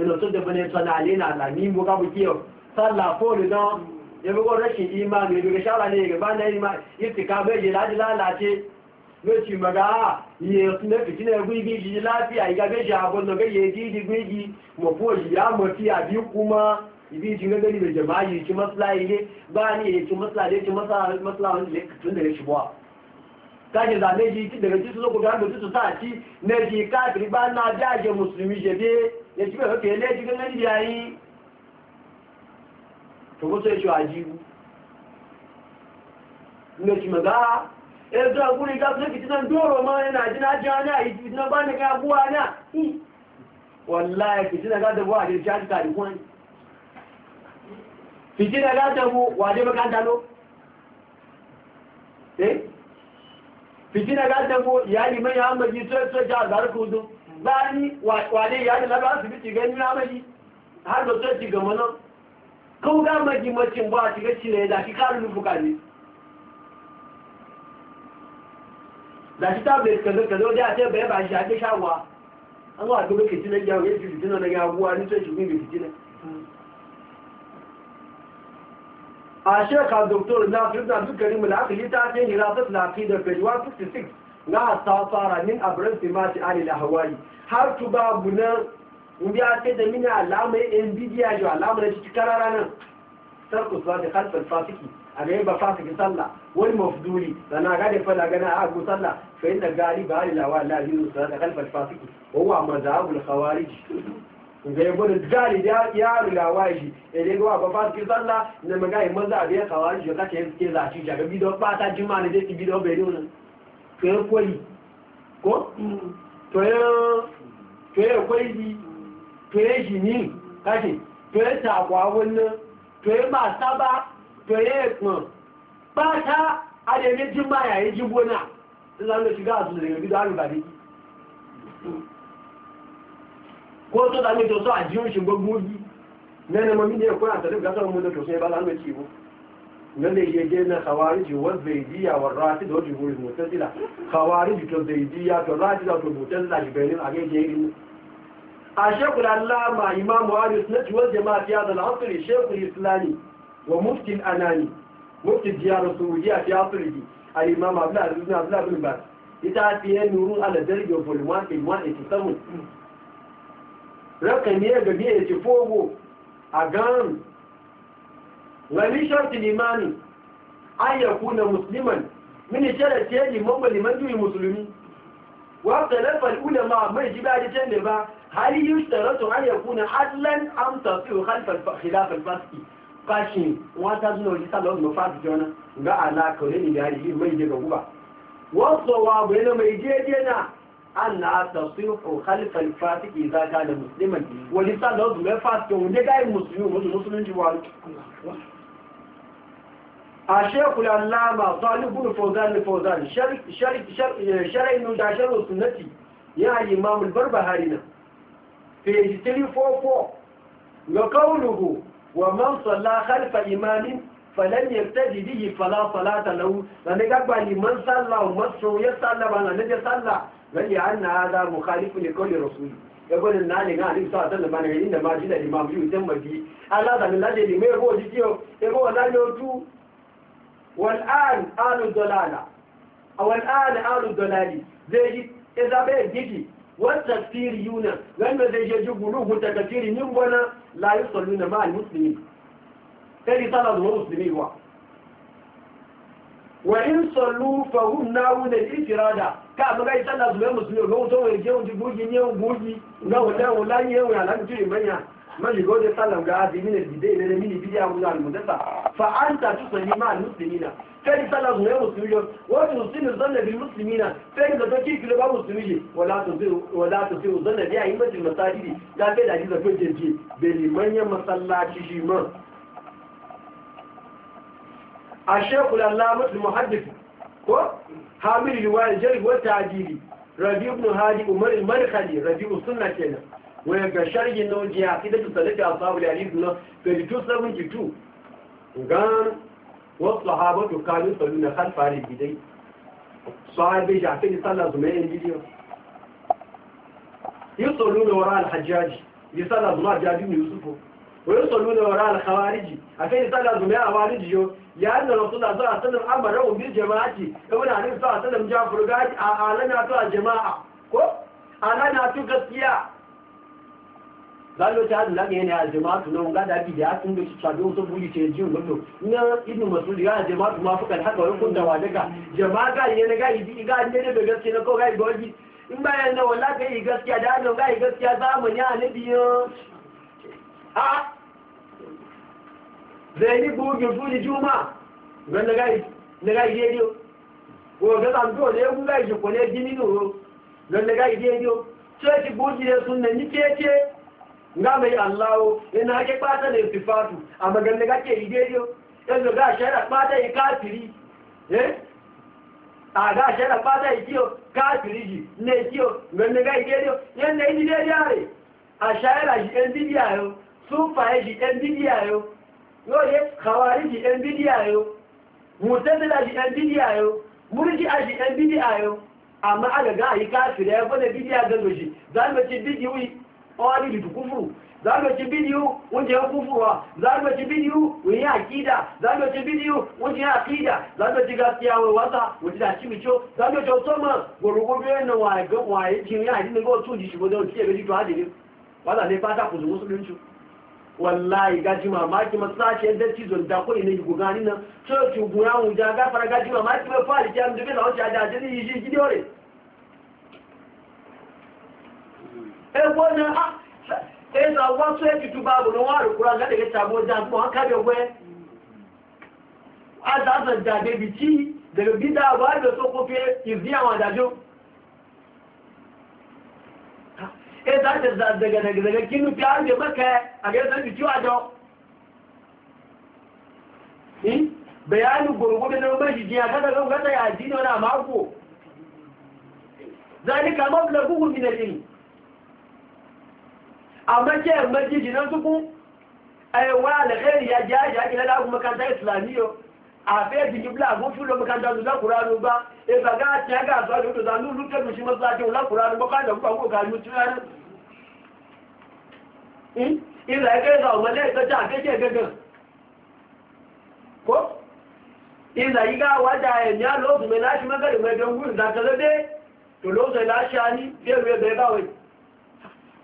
yana sun da bane tsanale na alami mu ga buki yau sallah ko da don imani ya bi shara imani irtika bai je laji lalace lóòtì mọ̀gá yẹ lẹ́fì tí náà gbígbí yìí láti àìgábẹ́jà àbọ̀nàgẹ́ yẹ tí ìdí gbígbí mọ̀ fún òyìyá mọ̀ tí àbí kú mọ́ ibi ìjì gẹ́gẹ́ ní ìjọba yìí tí mọ́sílá ilé bá ní èyí tí mọ́sílá ilé tí mọ́sílá ilé tún lè ṣùgbọ́ kájẹ̀dà méjì tí bẹ̀rẹ̀ títún lókòó gbàgbé títún sáà tí méjì káàkiri bá náà jáde mùsùlùmí ṣe dé ya ci bai kake ne cikin nan yayi to ko sai shi ajibu ne ci maga e eh, da guri ga sai kitan doro ma yana jina jana yi kitan ba ne kai ga buwa na ya kitan ga da buwa da ta ta di kun fitina ga ta mu waje maka dalo eh fitina ga ta mu yali mai amma ji sai sai ja zar kudu bani wale ya da labar asibiti gani ramari har da tsoci ga mana kawo ga magimacin ba a shiga shi ne da shi karin nufuka ne da shi tablet kazo kazo da ta bai ba shi a ke shawa an wa duka ke tinan ya wuce fitina na yaguwa ni tsoci ne mai fitina a shekar doktor na fi da dukkanin mulakali ta ce hirafis na fi da fejuwa 66 na safara min a simati ali la hawaii har tu babu nan wuri a ce da mini alamar yan bidiya yau da cikin karara nan sarku suwa da kalfar fasiki a ga ba fasiki sallah wani mafduli da na gane fada gana a agu sallah fa yin da gari ba ali lawa la yi suwa da kalfar fasiki wawa mazhabul khawarij ga ya gwada gari da ya rula waji ya dai gawa ba fasiki sallah na magayi maza a biya khawarij ya kace ya ke zaci jaga bidon ba ta jima ne zai bidon bai ne to ya koyi ko to ya koyi to ya jini kashi to ya takwa wani na ya masa ba to ya na ba ta adere jin yayin jibo na zanen shiga a su daga gido hannu ko to to so a jiyun gbogbo yi nene mami ne kuna tafi gasar wanda ya gina na khawariji wa zaidiya wa rafida wa jumhurul mu'tazila khawariji to zaidiya to rafida to mu'tazila shi bayanin a gaje irin a shekul allama imamu ahlus suna wal jama'a fi hadha al-asr shekul islami wa mufti anani mufti diyar saudiya fi asrihi al-imam abdul aziz ibn abdul abdul bas ita fi nuru ala darbi wa volume 187 rakami ga biye ci fogo a gan wani sharti limani an ya kuna musliman mini shara ce liman ba liman juyi musulmi wata lafar ulama mai ji bayan can da ba har yi sharatu an ya kuna adlan an tafi halfar khilafar fasiki kashi wata zuna wajen salon mafadi jona ga alaka ne da yari mai je ga guba wasu wa bai na mai jeje na an na tasiru halifar fasiki za ka da musulman wani salon mafadi jona wanda ga yi musulmi wasu musulunci الشيخ العلامة طالب بن فوزان الفوزان شرح شرح شرح المنتشر إمام يا الإمام البربهاري في 344 وقوله ومن صلى خلف إمام فلن يرتدي به فلا صلاة له لأن قبل من صلى ومصر يصلى بأن نجي صلى أن هذا مخالف لكل رسول يقول إن أنا قاعد صلى الله عليه وسلم إنما جل الإمام يسمى به الله تعالى الذي لم يروج فيه يقول لا يوجد wal'an alu a wal'an alu dolali zai ji izabel gidi wata firi yuna wanda zai je ji guluhu daga firi yin wana layu na ma'al musulmi ɗari tsala wa musulmi wa wa in sallu fa na nawu da ifirada ka mu gai sallar zuwa musulmi ga wuto wani je wuti bugi ne bugi ga wuta wala ne wala lan manya man shiga wajen sallam ga azi mini bidai ne da mini bidiya mun al mudassa fa anta tusalli ma al muslimina kai sallah ne musulmi wa muslimu zanna bil muslimina kai da take kilo ba wala to zai wala to zai zanna biya yin masjid masajidi ga kai da ji da kujin ji be limanyan masallaci shi man ko العلامة المحدث حامل رواية Rabi'u والتعديل ربيع بن هادي عمر المرخلي ربيع السنة kenan. Wai ga sharhin na wajen yaki da tusalin da asabu da alifu na 3272 gan wasu sahabatu kanun salu na halfa da gidai sahabe da a fi sallah zuma yin gidiyo yi salu na wara alhajjaji yi sallah zuma jaji ne yusufu Wai salu na wara alhawariji a fi sallah zuma a wariji yau ya yi da rasu da zuwa sanin amara umar jama'aci kamar hannun sa sanin jafurga a na ta jama'a ko alana ta gaskiya zalo ta hadu lage yana aljama'atu na wanga da biya tun da sabi wasu buli ce jin gudu na ibnu masud ya aljama'atu ma fukan haka wani kun da daga jama'a ga ne ga idi ga ne da gaske na ko ga idi waji in bayan na wala ga yi gaskiya da hadu ga yi gaskiya zamani annabi yo a zai ni bugin fuli juma wanda ga yi na ga idi yo ko ga zan dole ya ga yi ko ne jini no wanda ga idi yo sai ki bugin sunna ni keke nga mai allahu yana hake ɓata da intifatu a maganda kake yi daidai yanzu ga shaida ɓata yi kafiri eh a ga shaida ɓata yi kiyo kafiri ji ne kiyo ganda ga yi daidai yanda yi daidai yare a shaida shi ɗan bidiya yau sun faye shi ɗan bidiya kawari shi ɗan bidiya yau mutazila shi ɗan bidiya yau murji a shi ɗan bidiya yau amma aka ga yi kafiri ya fana bidiya gando shi za mu bidiyoyi ọwọ́dí lè kúfùrù zagbaci bidiyo wunje ya kufurwa zagbaci bidiyo wunye ya akida zagbaci bidiyo wunje ya akida zagbaci gaskiya wai wata wunje da shi micho zagbaci otoma gorogobe yana waye jin ya hadin ga otu ji shigo da otu ebe jito hajjiri wata ne fata ku zuwa su dincu wallahi gaji mamaki masu sashi yadda cizon da kawai ne gugani nan coci guya wuja gafara gaji mamaki mai fari kyamun dubi na wajen ajiyar yi shi gidiyo ne ẹgbọ́ náà ẹ̀sà wá tó ẹ̀tùtù bá bò lọ́wọ́ àrùkúrá gádẹ̀gẹ́ tàbí ọjà pọ̀ wọ́n kábẹ̀ wẹ́ azàzàjà débi tí dẹ̀rẹ̀ bí dáàbà àjọ tó kó fi ìdí àwọn àdájọ́ ẹ̀sà tẹ̀sà dẹ̀gẹ̀dẹ̀gẹ̀dẹ̀gẹ̀ kínú pí àjọ mẹ́kẹ́ àgẹ́sẹ̀ ti tí ó àjọ bayanu gurgudu na majijiya kada zan gata ya addini wani a mako zalika mablaguhu min al-ilm àmọ́jẹ́ mẹ́jìdì náà tó kún ẹ̀wà alẹ́kẹ́rì yàjá ìyájẹ́ lẹ́lágún mẹ́kàntà ìsìlàmíyọ àfẹ́ẹ̀dì gíblà fún fílò mẹ́kàntà lọ́kùnránú bá ẹgbàgá àti àgàtọ́ àdúgbòtà lúlú tẹ́lù sí mọ́sáájú lọ́kùnránú bọ́kànlẹ̀ púpọ̀ kàlù tí wọ́n rẹ̀ ilẹ̀ ẹgbẹ́gbẹ́ ọmọdé ìtọ́jà àkẹ́jẹ́ gẹ́gẹ́ kó ilẹ̀ yíká wájà ẹ̀mí àlóògùn mẹ́láṣí mẹ́gbẹ̀rẹ̀ mẹ́gbẹ̀rẹ̀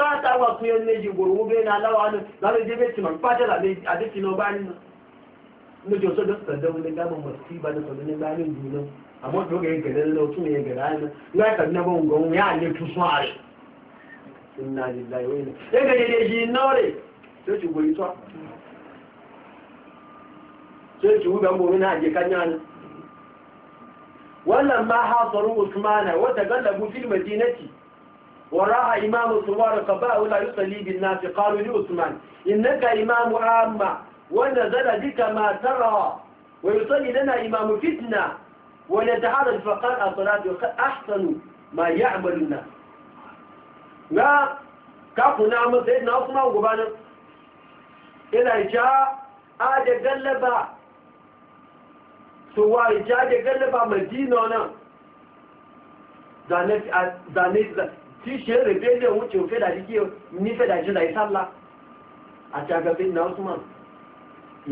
pátá wà pé ẹni ìgbòrò owó bẹ́ẹ̀ ní aláwọ̀ àánú lábẹ́ a bẹ́ẹ̀ tìmọ̀ pátá àdéṣì náà bá ní lójú ọ̀sọ́dọ̀ pẹ̀lú ní gámọ̀ mọ̀ sí ìbáni sọ̀rọ̀ ní gbáyé ìlú náà àmọ́ tó gẹ̀ẹ́ gẹ̀rẹ́ lọ tún yẹn gẹ̀rẹ́ àánú láì kàbí náà bọ̀ ń gọ̀ọ́ yá àlẹ́ tún ya ààrẹ iná ìlà ìwé ni ẹgbẹ́ ti ti وراء إمام الثوار قباء لا يصلي بالناس قالوا لعثمان إنك إمام عامة ونزل بك ما ترى ويصلي لنا إمام فتنة ونتعرض فقال الصلاة أحسن ما يعمل الناس لا كافو نعم سيدنا عثمان وقبانا إلى جاء آجة قلبة ثوار جاء قلبة مدينة زانت زانت tí ṣe rè déédé òun tí ò fẹ́ dàdí kí ní fẹ́ dàjí ìlà ìsálà àti agagbe ní osman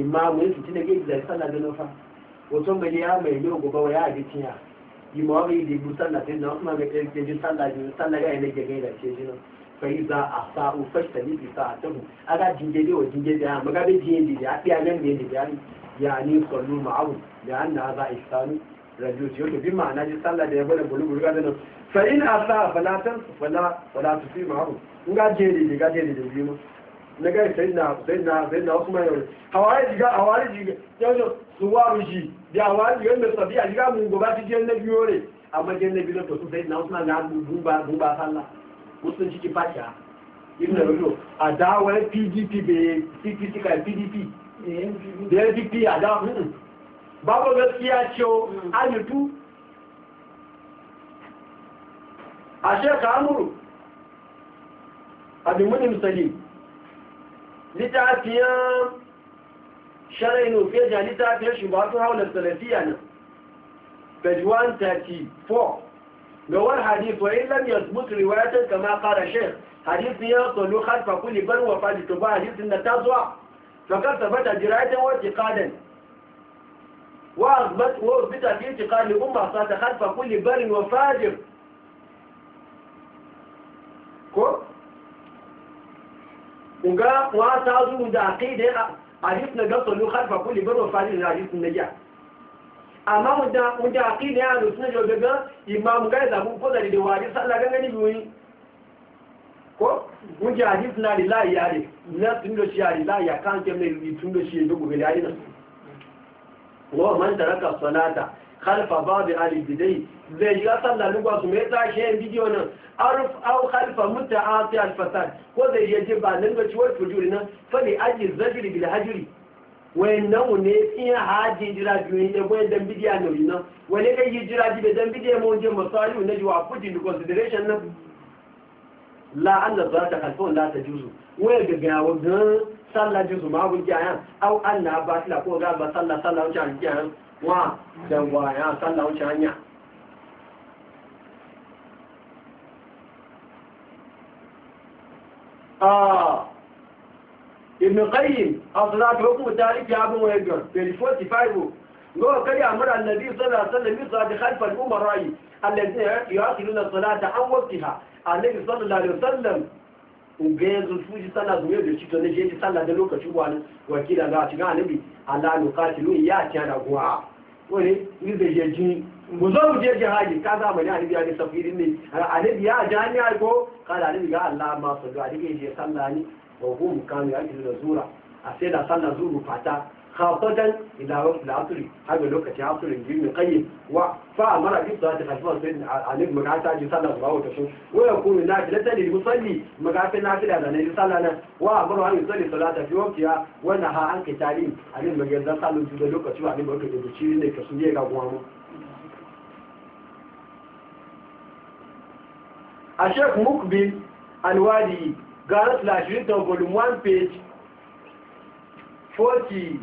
ìmá àwọn èsì tí nẹ́gẹ́ ìlà ìsálà dẹ́nọ́fà òtún mẹ́lẹ́ àmà ìlú ògbọ́gbọ́ wọ́n yá àdé tí yà ìmọ̀ ọ̀rọ̀ ìdè ìbú sálà tí ní osman mẹ́tẹ́ ìgbẹ́jú sálà ju sálà fẹ̀yìzà àṣà òfẹ́sẹ̀ níbi ìfà àtẹ̀hùn aga jíjẹ dé òjíjẹ dé àmọ́ gábé jíjẹ dìde àti alẹ́ mi dìde àrí sọ̀lú màáwù yà á nà á bá ìsánú rẹ̀ ju tó bí màá nájú sálà dẹ̀ bọ́lẹ̀ bọ́lú burúkú fa in asa fala tan fala fala tusi ma'ruf in ga jere ne ga jere da biyu na ga sai na sai na sai na kuma yau hawari diga hawari diga yau suwaru ji da hawari diga ne sabi a diga mun goba ti jenne biyo ne amma jenne biyo to sai na usman na dumba dumba sallah musun ciki fasha ibn rujo adawa pdp e be pdp kai pdp e da pdp eh, da. Hmm. babu gaskiya ce hmm. a yutu a shekaru amuru abimunin salim littafiyar shara'in ofeja littafiyar shubatun haular salafiya nan page 134 ga wani hadith wa illam yasbut riwayatan kama qala shaykh hadith ya sallu khalfa kulli bar wa fadi to ba hadith na tazwa fakar tabata jirayatan wa tiqadan wa azbat wa bi tafiqi qali umma sa khalfa kulli bar wa fajir ko ga wa ta zu da aqida hadith na ga solu khalfa kulli baro fadi na hadith na ja amma da mu da ya lu sunan jobe imam ga da mu ko da da wadi sallah ga ngani biwi ko mu hadith na lillahi ya ne na tun shi ya lillahi ya kan ke mai tun shi ya ga ya ne ko man taraka salata khalfa babu alibidai zai shiga sallah lugwa su mai tashi yin bidiyo nan aruf au khalfa mutta asi alfasad ko zai yaje ba nan ga ciwon fujuri nan fali aji zajiri bil hajiri wayan nan ne in haji jira biyu ne wayan dan bidiya nauyi nan wani kai yi jira biyu dan bidiya mu je masalu na jiwa put in consideration nan la Allah za ta kalfa la ta juzu waya gaga wa gan sallah juzu ma bu kiyan au Allah ba ko ga ba sallah sallah wuce an kiyan wa da waya sallah wuce hanya ah. ibn qayyim asratu hukum tarihi abu wagan 45 go kari amara annabi sallallahu alaihi wasallam yusa bi khalf al umara alladhi yuqiluna salata an waqtiha annabi sallallahu alaihi wasallam uge zulfu ji sallah zuwa da cikin na jeji sallah da lokacin wani wakila za a cikin alibi ala lokacin ne ya ce da guwa wani ni da jeji mu zo mu je jihadi ka za mu ne alibi ya ne safirin ne alibi ya jami'a ko kada alibi ga Allah ma su ga alibi je sallah ne wa hum kanu ya da zura a sai da sallah zuru fata خاصةً إذا وقت العصري هذا لوكة عصر الجيم القيم فأمر في صلاة خلفها سيد عليك مقعات عجي صلى الله وتشوف ويقول نافلة للمصلي الناس النافلة لأن يصلى لنا وأمره أن يصلي صلاة في وقتها ونهى عن قتالين ابن مجزا صلى الله عليه لوكة شو عليه مقعات البشير إنك سنية قوامه الشيخ مقبل الوالي قالت لا شريطة فولوم 1 page 40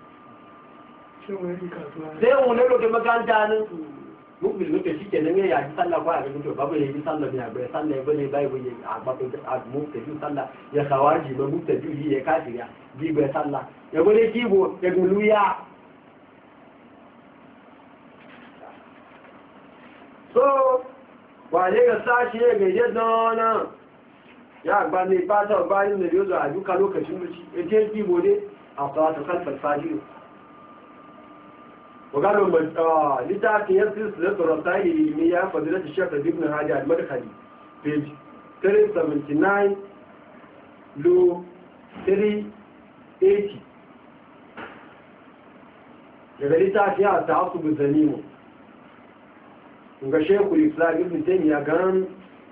sai wani roƙe makaranta nan mugbin mutum shi ke kenan ya yi sallah ba a ga mutum babu ya yi sallah ya bai sallah ya bane bai bai a babu a mutum sallah ya kawaji ba mutum biyu ya kafiriya bi bai sallah ya bane kibo ya guluya so wàlé ga ya ga yẹ dánná ya gba ní ipá tó bá nínú ìlú àjúkà lókacin lóci a ìbòdé àtàwàtàkàtà fàájú وقالوا لتعكي يسلس لطرطاي الإلمية فضيلة الشيخ ربي بن هادي المدخلي page 379 لو 380 daga littafi a ta hasu bizanimu ga shekul islam ibn taymiya gan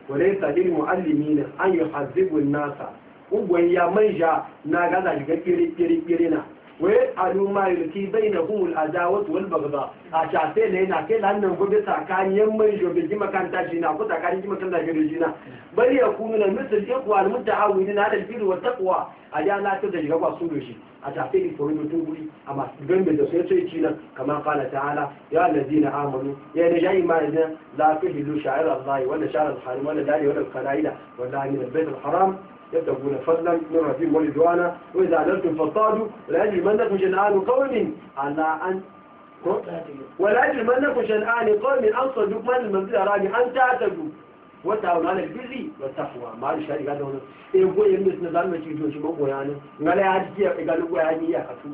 wale sadil muallimina an yuhazzibun nasa ugwan ya manja na gaza shiga kiri kiri kiri na ويجعلوا ما يلقي بينهم العداوة والبغضاء أشعتي لنا كي لأنهم قد تاكان يمي جو بالجمع كان تاجينا قد تاكان جمع كان تاجينا بل يكونون مثل إقوى المتعاونين على البر والتقوى أجا لا تدج غوا سولوشي أشعتي لي فريدو تنبري أما بين بدسوية تيجينا كما قال تعالى يا الذين آمنوا يا نجاي ما إذن لا تهلوا شعر الله ولا شعر الحرم ولا داري ولا القلائلة ولا من البيت الحرام يبتغون فضلا من ربهم ولدوانا وإذا أدلتم فاصطادوا ولا لكم شنآن قوم على أن ولا لكم شنآن قوم أن صدوك من المنزل أراني أن تعتدوا وتعاون على البر والتقوى ما لي شيء قال هنا ايه هو يمس نظام ما تجدون شو بقول يعني ما لا يجي قالوا هو يعني يا خطو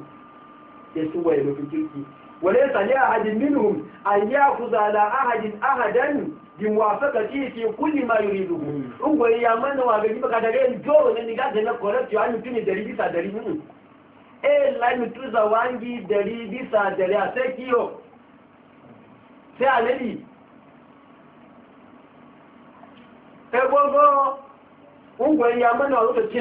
يسوى يمكن تلقي وليس لأحد منهم أن يأخذ على أحد أحدا bi muwafaka ci fi kulli ma yuridu in goyi ya manna wa ga jiba kada yin dole ne ni ga da na correct ya ni tuni dari bisa dari mun eh la ni tuza wangi dari bisa dari a sai kiyo sai alali e gogo in goyi ya manna wa ga ci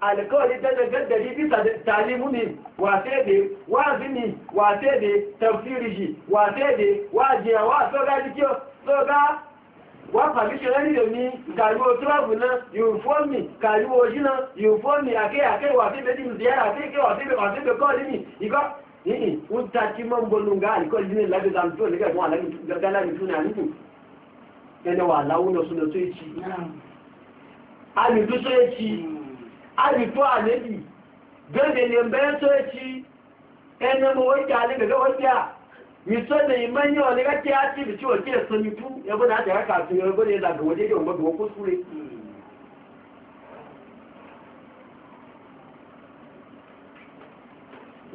alkawari ta gaggari bisa talimu ne wate ne wazi ne wate ne tafsiri shi wate ne wajiya wa soga jikiyo soga wa famishin rani da ni kariwo turabu na uniformi kariwo shi na uniformi ake ake wate ne jim ziyara ake ake wate ne wate ne kawai ni iko yìí ń ta kí mọ́ ń bọ́ lóun gáà nìkan ìdílé lágbègbè àmì tó nígbà ìwọ̀n alágbègbè tó ní àníkù ẹni wà láwùn lọ sónà tó èkì àmì tó sóyè kì í àrìtó àlébì gẹ́gẹ́ lè bẹ́ẹ̀ tó ẹ̀kí ẹni mọ̀ oúnjẹ alẹ́gẹ̀gẹ́ oúnjẹ ìsọ́nà ìmẹ́yìn ọ̀lẹ́gẹ́ tí a ti rí tí ò tí ẹ̀sọ́ ní fún ẹgbọ́n láti ẹ̀kà àti ẹgbọ́n lè dàgbẹ̀wọ́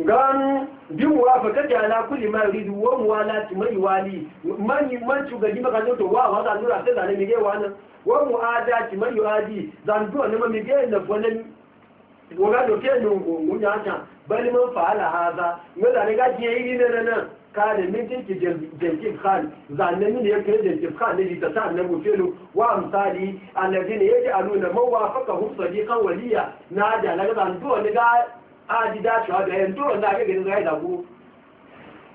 gan biwuwa fa kaji ala kulli ma ridu wa muwalati mai wali man man tuga ji maka to wa wa da nura sai zane mige wa nan wa muadati mai yuadi zan duwa ne ma mige na bonan goga do ke no ngunya ta bal man fa'ala hada ne da ne gaji yi ne nan ka da mintin ki jenkin khan zanne min ya kai jenkin khan ne ta ta annabu felo wa amsali alladine yaj'aluna mawafaqahum sadiqan waliya na da la zan duwa ne ga ajida shi wadda yin turon da ake gani zai dagu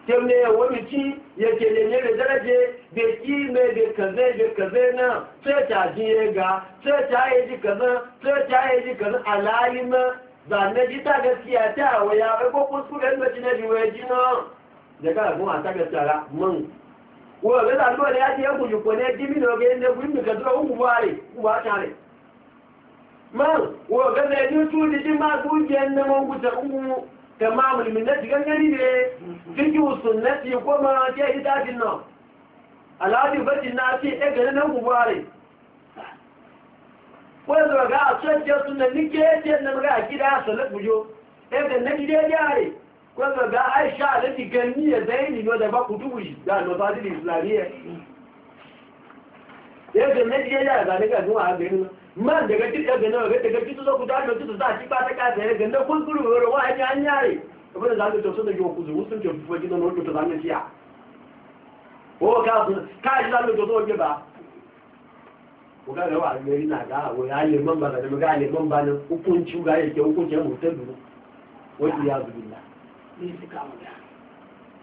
kemne ci ya ke lenye da daraje da ki mai da kaze da kaze na sai ta ji ya ga sai ta yi ji kaza sai yi ji kaza na ji ta gaskiya ta waya ko ji na ka ta gaskiya ra wa ya ko ne dimi ne man wa ga da yi tu da ji ma dukiyan na man guta umu tamamul minnati gangari ne fiki sunnati ko ma ke hidajin nan alhaji bajin na ce e gari nan gubare ko yanzu ga a sojiyar sunan nike ce na ga a gida a salat bujo e da na gida yare ko yanzu ga aisha a lati gani ya zai nino da ba kutubu da nufadin islamiyya e da na gida yare zane ga zuwa a gari man daga duk daga nawa ga daga kitu zo da za ki ba ta ka da ga na kun kuru ga wa an yare kuma da zaka to da ki ku zuwa sun ke fuwa gidan wato to zan ciya ko ka su ka ji zan to so ke ko ga ga wa gari na ga wa ya le man ba da ga le man ba ne hukunci ga yake hukunci mu ta duru wani ya zubilla ne su kama da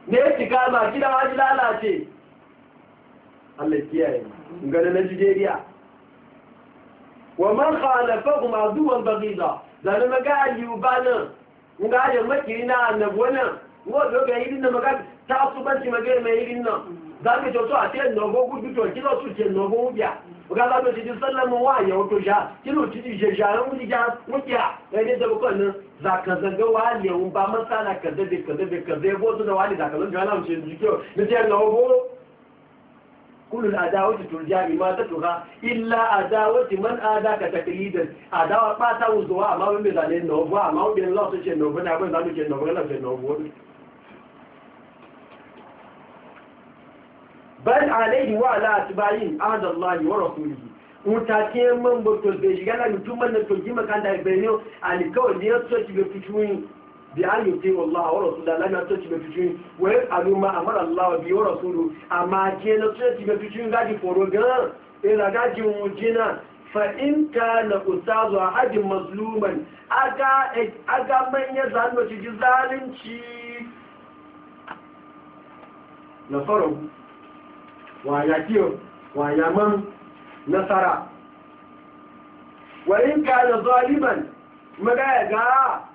ne su kama kida wa ji lalace Allah kiyaye mu ga da Najeriya ومن خالفهم عدوا بغيضا زانا ما قال يوبانا وقال يمكرنا عن نبونا wọ́n ga irin na maka ta asubanci magana mai irin nan za ka ce wasu a ce nogo gudu to kilo su ce nogo wuya ga za ka ce jin sallama wa ya wato sha kilo ci jin sha ran wuri ja wuya ga idan da bakon nan za ka zaga ba za zan كل الأداوة ترجى إماتتها إلا أداوة من آداك تقليدا أداوة ما توزوا أما من بذل النوبة أما من الله سيشن نوبة نعم نعم سيشن نوبة نعم سيشن نوبة بل عليه وعلى أتباعين عهد الله ورسوله mutakin man bato zai shiga na mutum man na togi makanta ibeniyo alikawar ne ya soci bi an yi tiwo Allah wa Rasulullah lana to ci betuci wa aluma amara Allah bi wa Rasulu amma je na to ci betuci gaji foro ga ina gaji mu jina fa in kana ustazu ahadin mazluman aga aga manya zanno ci zalunci na faro wa ya kiyo wa ya man nasara wa in kana zaliman magaya ga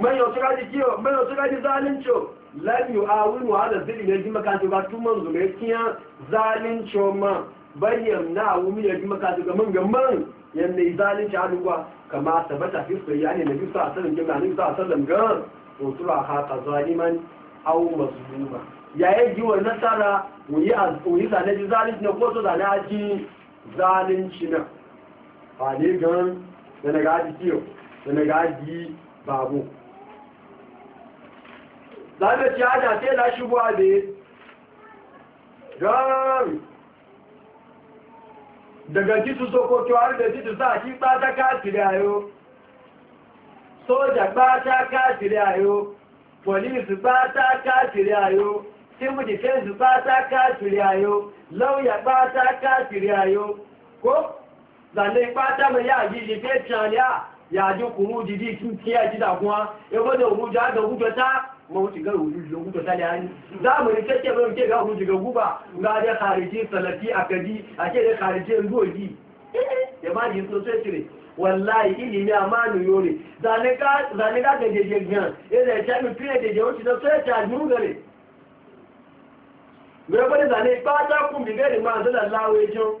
manyan suka ji kiyo manyan suka ji zalinco lam yu awinu hada zili ne ji ba tun man zume kiya zalinco ma bayyan na awumi ne ji makanta ga man gamman yanda yi zalinci haduwa kama sabata fi soyayya ne na bi sa sallan jama'a ne sa sallan ga otura haka zaliman aw mazluma yayin ji wa nasara mu yi azuri ji zalinci ne ko so zane aji zalinci na ba ne da na gaji kiyo da na gaji babu lábẹ́ ti ájá tí èlà ṣubú àdé gọ́ọ̀rù daga títù sokoto arìnrìn títù sáà kí pátá káàkiri àyó sójà pátá káàkiri àyó pọ̀lísì pátá káàkiri àyó tíwù dìfẹ́ǹsì pátá káàkiri àyó lọ́wọ́yà pátá káàkiri àyó kó zàlẹ́ pátá mọ̀ yá yìí fẹ́ tìrànlẹ́ yàjú kùrú dìdí kí ẹ jídà fún wa ẹgbọ́n òwújọ́ àgbà òwújọ́ táà mawuci gar hudu da hudu ta yani za mu rike ke ba ke ga hudu ga guba ga da khariji salafi akadi a ke da khariji ngoji ya ma ji so sai tire wallahi ilimi amanu yore zanika zanika da jeje gan ya da ta mi pire da jeje da sai ta mu gare gure ba da zane ba ta kun bi gare ma da lawo ejo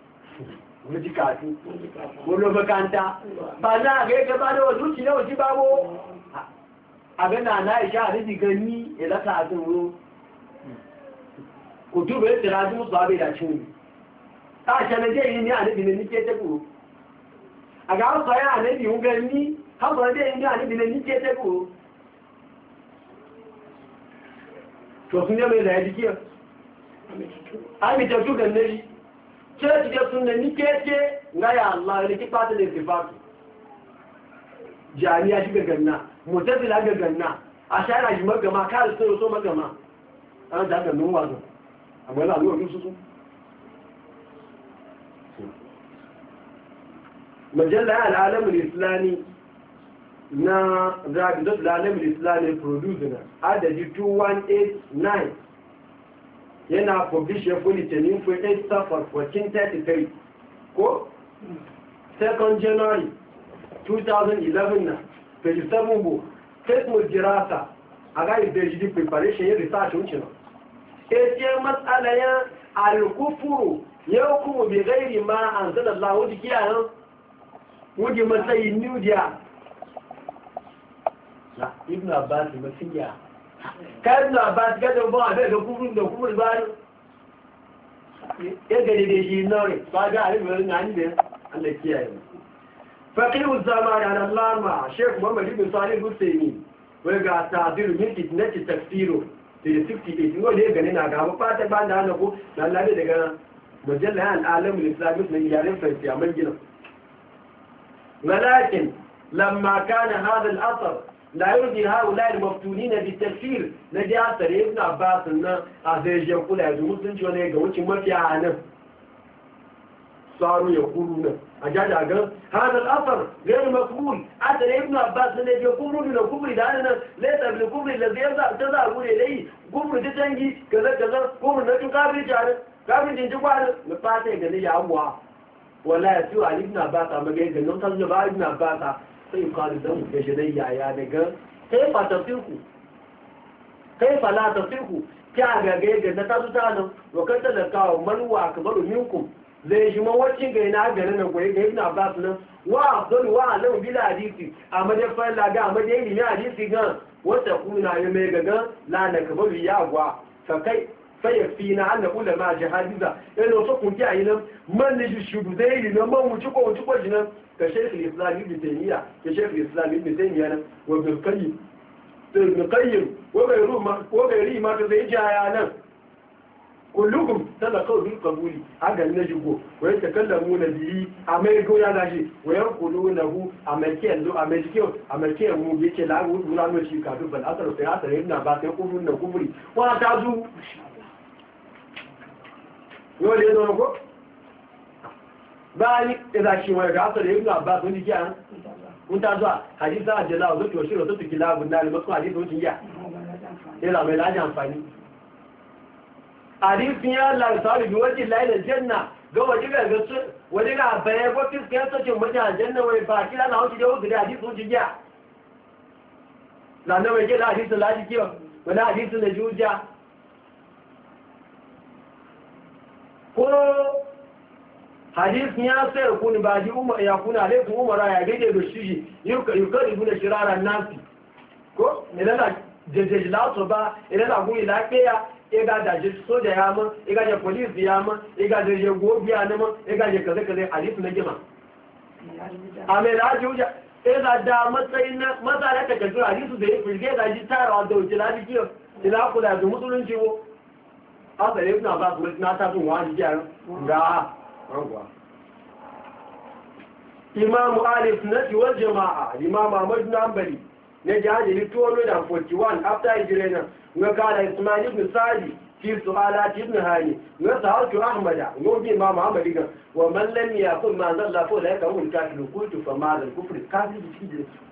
mujikatu wani makanta ba za a gaika ba da wasu ci na wasu babo abin na na isha a rufi gani ya lasa a tsoro ku tuba ya tsira su musu abai da cin ta shana je yi ni a rufi na nike ta kuro a ga hausa ya anabi yun gani hausa je yi ni a rufi na nike ta kuro to sun yi da ya jikiyar a mai tattu church da sunna ni keke na ya Allah ne ki fata da ittifaqi jami'a shi ga ganna mutazila ga ganna a shara shi magama kar sai so magama an da ga nun wazo amma la ruwa su su majalla al-alam al-islami na da zabidat al-alam al-islami producer adadi 2189 yana publishe bulletin for 8 safar 1433 ko 2nd january 2011 na page 7 bu tekmul jirasa a ga ibeji preparation yin research wuce na ake matsala alkufuru ya hukumu bi gairi ma an sanar la wuji kiyayen wuji matsayin new dia na ibn abbas mafiya kayan labar gadon ba a bai da kufurin da kufurin ba ne ya gari da shi nore ba ga arifin na hannun allah kiyaye faƙiru zama da alama shek muhammad ibn salih husseini tafsiru da da ko daga majalla yan na yaren farsiya man gina hadal asar la yurdi haula al-maftunina bi tafsir na ji asare ibn abbas nan a zai je kula yanzu mutunci wani ga wucin mafiya a nan صاروا يقولون أجاد أجاد هذا الأثر غير مقبول أثر ابن عباس الذي يقول من الكفر دعنا ليس من الكفر الذي يرضى تظهرون إليه كفر تتنجي كذا كذا كفر نجو كافر جعل كافر تنجي قال نفاتي قال لي يا أبوا ولا يسوع على ابن عباس أما قال نمتظر ابن عباس sai yuqalu lahu ya shidayya ya daga kai fa ku kai fa la tafsiku kya ga ga ga na tasu ta nan wa kan talakawa man wa akbaru minkum zai shi ma wacin ga ina garin nan koyi ga ba su nan wa afdal wa alam bil hadisi amma da fa la ga amma da ilimi hadisi gan wata kuna ya mai gaga la na kabaru ya gwa fa kai fayafina kula ma jihadiza yana so kun kiyaye nan man ne shi shudu zai yi nan man wuce ko wuce ko shi nan ka shaikh islam ibn taymiya ka shaikh islam ibn taymiya nan wa bil qayyim ibn qayyim wa bayru ma wa bayri ma ta zai jaya nan kullukum talaqaw bil qabuli aga ne jigo wa yatakallamuna bihi amai go ya dashi wa yaqulunahu amake ndo amake amake mu yake la wu dula no shi ka dubal asar sai asar ba sai na kufri wa ta zu yo le ko báyí ìràṣìwọ̀n ẹ̀rọ àtọ̀rẹ̀ ìrìnà àbá tó ní jiya ń dájọ́ àjíṣà àjẹ́lá òlótí òṣèrò tó tìkì láàbù náà lè na, àjíṣà ó ti yà ìràmẹ̀ láti àǹfààní àrífihàn láìsáàrì bí wọ́n ti láìlẹ̀ jẹ́nà gọ́wọ́ jíbẹ̀ gẹ́sùn wọ́n ní àbẹ̀yẹ bó tí ga tó ti mọ́jà jẹ́nà wọ́n ìfà kí lánàá wai ba jẹ́ ó gẹ̀rẹ́ àjíṣà ó ti yà lánàá wọ́n Na láàjíṣà láti kí ọ wọ́n ní àjíṣà lè jú já kó hadith ya sai ku ni ba ji ya kuna dai ku umara ya gaje da shi yukari gune shirara nasi ko idan da jejeji lato ba idan e da gune lafiya iga e da ji soja ya ma iga e da police ya ma iga da je gobiya na ma iga da kaza kaza hadith na gima a mai laji wuja iga da matsayin na matsala ta kasu hadithu da ya fulge da ji tarawa da wuce lafi kiyo ila kula da musulunci wo asali ibn abbas na ta sun wani jiya ga imamu alisunati wal jama'a imamu ahmadu nambari na ji hajjali 241 after hijira yana kada ismail ibn sa'adi fi suhala ibn hani ga sahatu ahmada ga bi imamu ahmadu ga wa mallami ya kun ma zalla ko da ya kawo hulka fi hukuntu fa ma'azin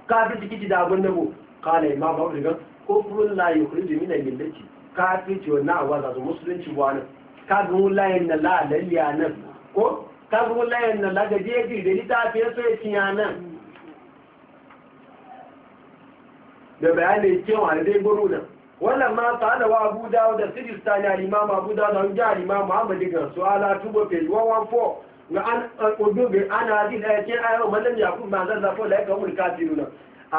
kafin da kiji da abin nabo kala imamu ahmadu ga ko furun la yi kuri jimina millaci kafin ciwon na awa zazu musulunci wani kafin wula yin na la'alaliya nan ko kagun layan nan lagaje ya da littafi so ya ciya nan da bayanai cewa da buru nan wannan ma ta da wa abu dawo da siristani alimama abu dawo da hujja alimama amadi ga su ala tubo page 114 ga an ƙudu bi ana ji da yake ayo mallam yakub ma zan zafo la yaka umul kafiruna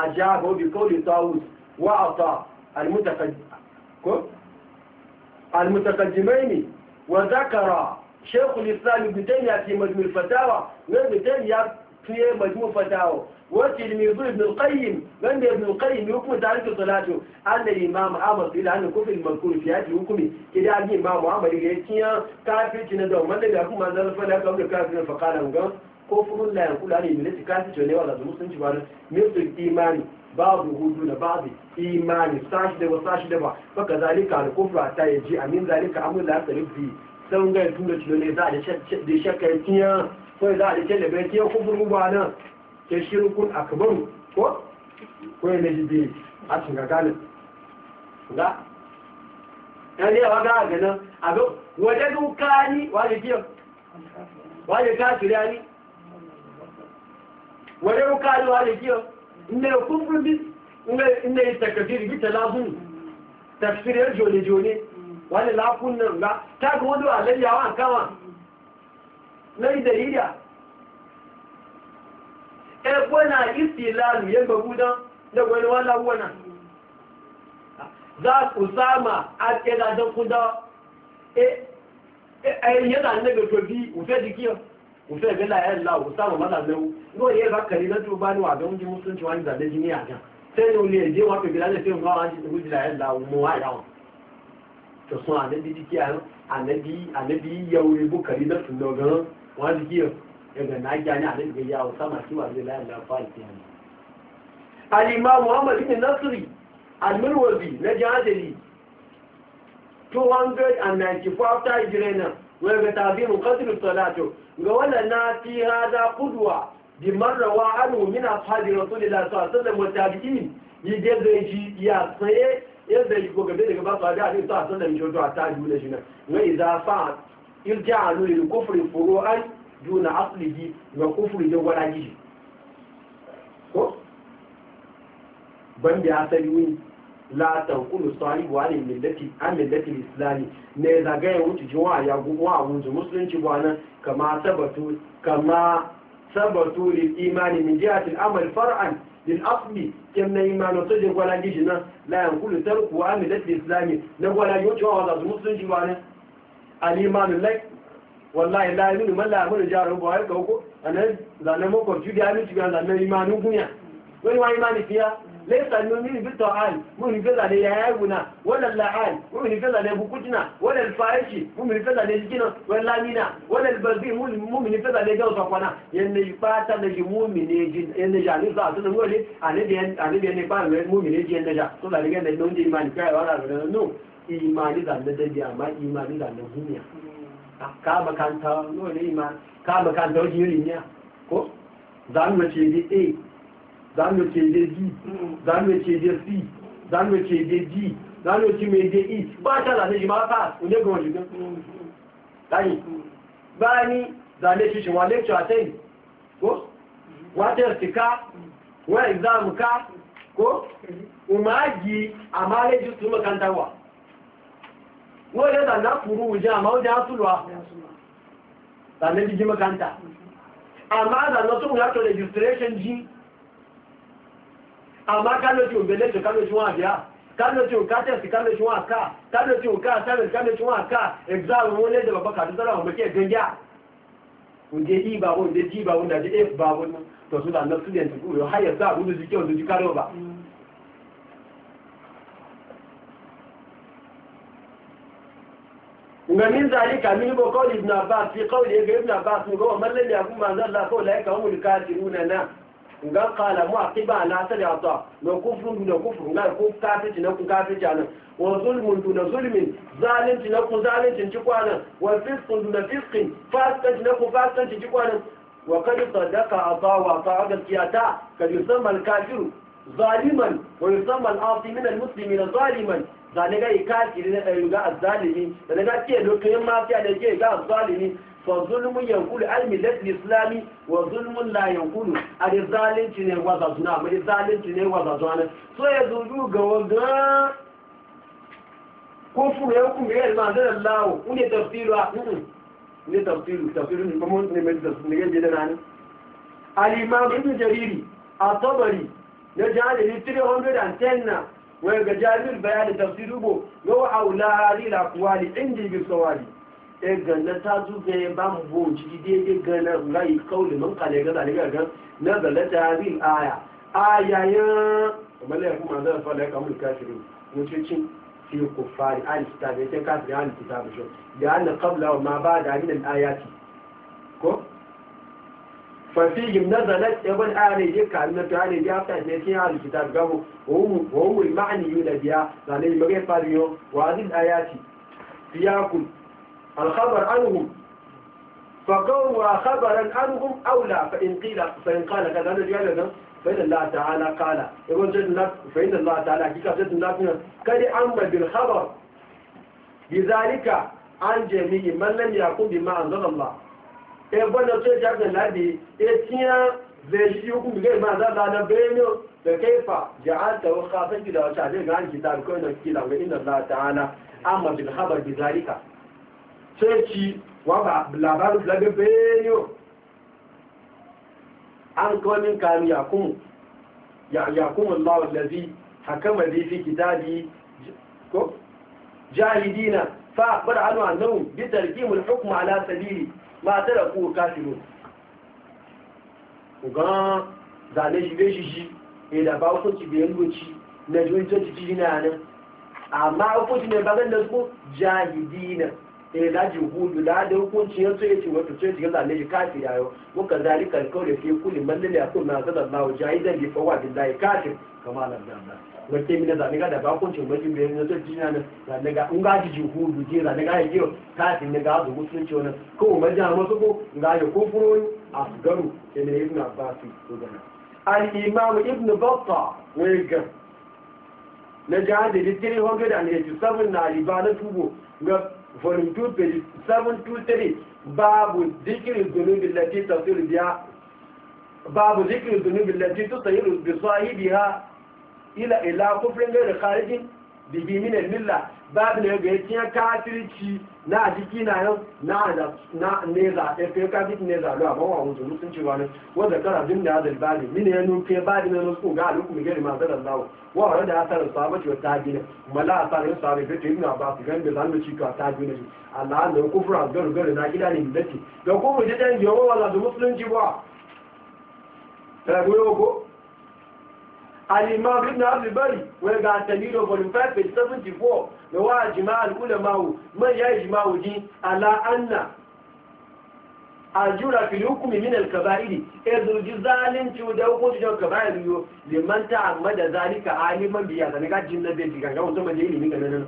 ajabu bi qawli tawus wa ata al ko wa zakara shekul islam ibn taymiya fi majmul fatawa nan ibn taymiya tuye majmul fatawa wace da mirzu ibn al-qayyim nan da ibn al-qayyim hukum tarihi salatu an da imam ahmad ila an kufin mazkur fi hadi hukumi idan an imam ahmad ya tiya kafirci na da man da kuma zalfa da kabul kafirin fa qala ngam kofurun la yankulu an imilati kafirci ne wala musulunci ba mirzu imani babu hudu da babu imani sashi da wasashi da ba fa kazalika al-kufra ta yaji amin zalika amul la tarif bi don ga tun da ne za a da shakar tiya ko za a da kyan da bai tiya kufur ruwa nan ke shirkun akabaru ko ko ya na jibi a cin gaganin ga yan yawa ga a ganin abin wajen duka ni wajen tiya wajen kafiri ni wajen duka ni wajen tiya inda kufur bi inda ya takafiri bi talazun tafsiriyar jone-jone wọ́n lè lápún náà ńlá táàkì wọ́n dúró àlẹ́ ìyàwó àǹkáwọn lórí dẹ̀yíyà ẹgbẹ́ náà ìsì ìlànà yẹn gbogbo dán lẹ́gbẹ́ ni wọ́n láwọ́ náà zak usama akẹ́dàdán kúndá ẹ̀yẹ́ náà nígbè tó bí òfẹ́ di kí ọ òfẹ́ ìgbẹ́lá ẹ̀ la usama mọ́lá lẹ́wọ́ lóò yẹ bá kẹ̀lé lọ́tọ́ bá ní wàbẹ́ oúnjẹ mú sóńtì wáyé zàdé jí ní àjá sẹ́yìn olè èdè wọn pèbè lálẹ́ fẹ́ wọn wájú ìlà ẹ̀ la mọ́ àyà wọn tó a ànábi díkì a ànábi ànábi yẹwò ebó kàrí na tún lọ gan wọn díkì ọ na náà jẹ ní ànábi gbé yàwó sábà sí wà lórí da fa'a ke àná. alima muhammad ibn nasiri almirwazi na jihadari 294 after hijira nan wani ga tabirin kasirin salatu ga wannan na fi hada kudwa bi marrawa anu min ashabi rasulillahi sallallahu alaihi wasallam wa tabi'in yi gaza shi ya tsaye yadda yi ko gabe daga basu da hadin sa sallan jojo a ta juna shi nan wa idza fa irja'u lil kufri furu'an duna aslihi wa kufri jawala ji ko ban da asali wani la tankulu sahibu wa lil millati millati islami ne zagaye wuce jiwa ya a wuce musulunci ba nan kama sabatu kama sabatu lil imani min jihatil amal far'an bil asli kem na imanu to je gwala gishi na la yankulu tarku amilat islami na gwala yoci wa wazazu musulunci ba ne al imanu lak wallahi la yaminu man la yaminu jaru ba wai kauko anan zanen makwabci da aminci ga zanen imanu wani ليس المؤمن بالطعان مؤمن في الله يهاونا ولا اللعان مؤمن في الله بكتنا ولا الفاحش مؤمن في الله يجينا ولا منا ولا البذيء مؤمن في الله يجوز فقنا ين يباتا نجي مؤمن يجي ين جاني ذات نقول عليه عليه ين يبان مؤمن يجي ين جا كل اللي كان نون دي مان كاي ولا نو imani da na dadi amma imani da na duniya ka makanta no ne iman ka makanta wajen yin ko za mu ce dai eh za mu ce je ji za mu ce je si za mu ce je ji za mu ce mai je i ba ta zane shi ma ka ne ga wani ga dani bani zane shi shi wa lecture attend ko wa test ka wa exam ka ko umaji amale ju tu makanta wa wo le da na furu ja ma o ja tulwa zane ji makanta amma da na tun ya to registration ji amma kaloci umbeleto kaloci wọn àbíá kaloci òká tẹ̀sí kaloci wọn àká kaloci òká sẹ́rẹ̀sì kaloci wọn àká exam wọn lẹ́dẹ̀ bàbá kàdúsọ́rọ̀ àwọn mẹ́kẹ́ gẹ́gẹ́ ǹdẹ́ yí ìbàwọ̀ ǹdẹ́ jí ìbàwọ̀ ǹdẹ́ f bàwọ̀ tọ̀sọ́dà náà student kú yọ háyẹ̀ sáà wúlò sí kí ọ̀dọ̀ ju kárọ̀ bá ومن ذلك من قول ابن عباس في قول ابن عباس هو من لم يكن ما زال قول لك هم الكافرون نعم nga kala mu aqiba ala sari ata no kufrun duna kufrun nga ko kafirci na ku kafirci anan wa zulmun duna zulmin zalunci na ku zalunci ci kwanan wa fisqun duna fisqin fasikanci na ku fasikanci ci kwanan wa kad sadaqa ata wa ta gaskiyata kad yusamma al-kafiru zaliman wa yusamma al-asi min al-muslimina zaliman zaliga ikafiri na eh, ga azzalimi da ga ke lokacin mafiya da ke ga azzalimi fazulmun yankulu almillat islami wa zulmun la yankulu a da zalunci ne wa zazuna amma da zalunci ne wa zazuna so ya zuru ga wanda ko furu ya zanen lawo ne tafsiru ne tafsiru tafsiru ne kuma ne mai tafsiru ne yadda na ne alimam ibn jariri a tabari na jihadi 310 na wai ga jami'ar bayani tafsiru bo yau a wula hari la kuwa e ganna ta zuga ya ba mu boci daidai gana rai kauli mun kale ga zaliga ga na zalata hadin aya aya ya mala ya kuma zan fara ka mun kafiru mutuncin fi kufari al kitab ya kan kafiru ta kitab shi da anna qabla wa ma ba da min al ayati ko fa fihim nazalat ibn ali ya kan na tare ya ta ne sai al kitab gabo wa huwa al ma'ni yulabiya ga magai fariyo wa hadin ayati fiyakum الخبر عنهم فقوم خبرا عنهم أولى فإن قيل فإن قال كذا أنا جاء لنا فإن الله تعالى قال يقول جد الناس فإن الله تعالى حقيقة جد الناس قال أما بالخبر بذلك عن جميع من لم يكن بما أنزل الله إبنا سيد عبد الله دي إتيا زي يقوم بغير ما أنزل الله بينه فكيف جعلت وخافت إلى وشعبين عن كتاب كونه كتاب وإن الله تعالى أما بالخبر بذلك ceci wanda labarin daga bayo an kawalin kanu yakumun lawon lazi hakama da fi kitabi ko jahidina fa bar hannu annahu bi tarkimul hukm ala sabili ma taraku kafirun ugan zane shi be shi shi e da ba ku ci biyan goci na jin jiji na nan amma ku ci ne bagan da su jahidina sai eh, laji hudu da da hukunci ya tsoye ce wata tsoye ce gaza leji kafi yayo muka zari kalkau da fiye kulin mallin ya kuma na zan lawo jayi bi fawa bin zai kafin kama nan da nan wata mina zane ga da ba bakuncin majin bayan na tsoye jina nan zane ga in gaji ji hudu ji zane ga ya giyo kafin ne ga su musulunci wani ko majina masu ko ga ya kofuroni a su garu da ne ibn abbasu su gana al-imam ibn batta wai ga na jihadi da 387 na riba na tubo ga volume 2 723 babu zikirin zunubin lati tafsir biya babu zikirin zunubi lati tusayiru bi sahibiha ila ila kufrin gairu kharijin bibi min al babu ne ga yakin kafirci na a jiki na yau na na ne za a kai kafirci ne za a ba wa mutum mutunci wani wanda kana jin da hadal bali min ya nuke bali na nusu ga alukum ga ma da Allah wa wa da asar sahabati wa tabi'in mala asar yin sahabi da ba su gan da zan ci ka ne Allah ne kufra gar gar na gida ne bidati ga ko mu da dan yawa wala da musulunci ba ta goyo ko الإمام ابن عبد البري ويقع تنيره فولم 5 في 74 نواع جماع العلماء من يجمع دي على أن الجرى في الحكم من الكبائر إذ الجزال تود حكم تجاه الكبائر لمن تعمد ذلك عالما بيا أنا قاعد جنة بيتي كان كم تمجي لي من كنا